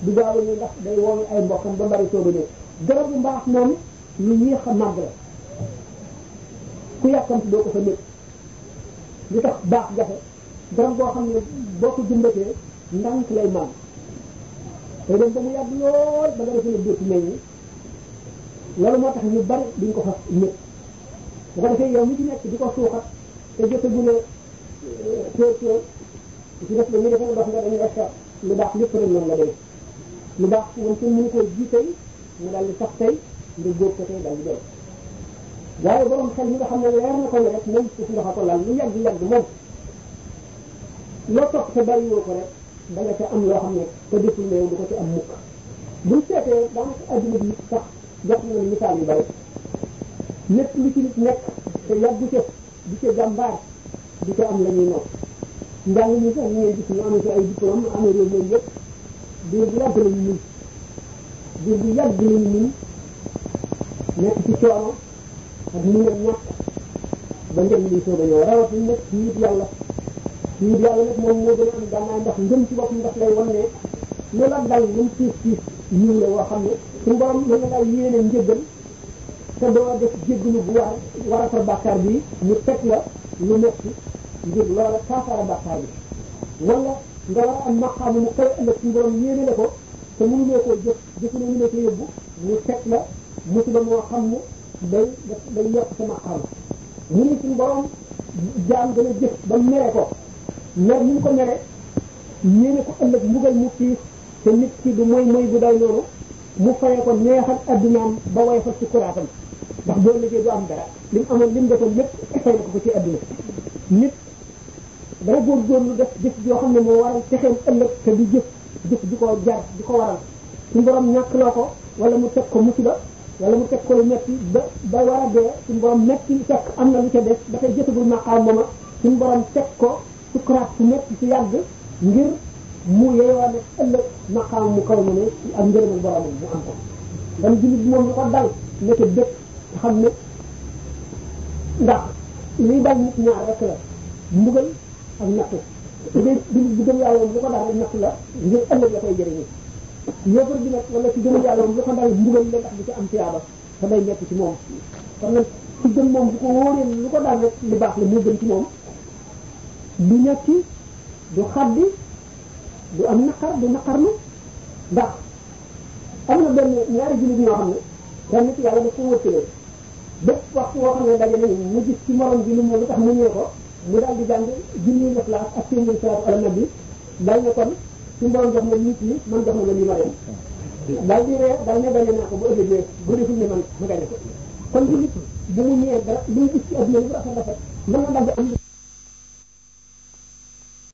du gaaw ñu ndax day woon ay mbokkam ba bari soo ba ñëw garabu mbaax moom lu ñuy xam màgg la ku yàkkamti doo ko fa nekk li tax baax jafe garab boo xam ne boo ko jëmbatee ndànk lay maam te dem mu yàgg lool ba nga defee ne dootu mel loolu moo tax ñu bari duñ ko fa nekk bu ko defee yow mi ci nekk di ko suuxat te jotagule teer teer ci def dañuy defee dox nga dañuy def lu baax lépp rek noonu la dee lu baax woon kenn mënu ko ji tey dal daal di sax tey nga góob ko tey daal di doon waaye borom xel mi nga xam ne leer na ko ne rek moom suuf nga ko laal lu loo topp te bàyyiwoo ko rek da nga am loo xam ne te deful ne du ko ci am mukk buñ seetee daanaka adduna bi sax jox na misaal yu bari lépp lu ci nit nekk te yàgg ca di ca jàmbaar di ca am lañuy ñuy noonu njàng mi sax ñu ngi gis ñu amee ci ay diplôme amee réew loolu yëpp bu yàgg la ñu nekk ci coono ak mu ngeen ñàkk ba ngeen liy soog a ñëw rawatina nekk ci yit yàlla ci yit yàlla nag moom moo gën a am gànnaay ndax ngëm ci bopp ndax lay wan ne lu la mu tiis tiis yiw la woo xam ne suñu borom mën na laa yéene njëggal te doo def jéggalu bu war war a fa bàkkaar bi mu teg la lu metti ngir loola saafara bàkkaar a am maqaamu mu koy ëllëg suñu yéene la ko te mënuloo koo jëf jëf na mënuloo ko yóbbu mu teg la musiba moo xam ne day day yokk sama xarala. ñu ne suñu borom jaam gën jëf ba mere ko mais ni ko mere ñeene ko ëllëg mbugal mu kii te nit ki du moy moy bu day noonu mu fayee ko neexal addunaam ba way fa ci kuraatam ndax boo liggéey am dara li mu li mu lépp fay na ko ko ci adduna nit dana góorgóorlu def jëf joo xam ne moo waral texeem ëllëg te du jëf jëf di ko jar di ko waral suñu borom ñàkk ko wala mu teg ko musiba wala mu teg ko lu metti ba war a dee suñu borom metti fekk am na lu ca def dafay jëtagul maqaam mooma suñu borom teg ko sukuraat su nekk su yàgg ngir mu yeyoon ak ëllëg maqaam mu kaw mu ne ak ngërëmul borom mu am ko dan jullit bi moom lu ko dal nekk dëkk te xam ne ndax liy dal nit ñaar rek la mbugal ak nattu bu dee jullit bi lu ko dal rek la ngir ëllëg la koy jëriñu yéefar bi nag ci gën yàlla moom lu ko dal mbugal la tax du ci am tiyaaba te day nekk ci moom kon nag ci ko wóoree lu ko dal rek li baax la moo gën ci moom du ñetti du xaddi du am naqar du naqarlu ndax am na benn ñaari jullit ñoo xam ne kenn ci yàlla da ko wëttalee bépp waxtu woo xam ne daje mu gis ci morom bi lu mu lu tax mu ñëw ko mu daal di jàng junniy naflaat ak seen salaatu ala nabi day ne kon suñu borom jox ma nit ñi man jox ma nga li ma leen. daal di ree daal ne bëri naa ko bu ëllëgee bu deful ne man ma gañe ko kon nit bu mu ñëwee dara lu mu gis ci adduna lu rafet rafet mën na dal di am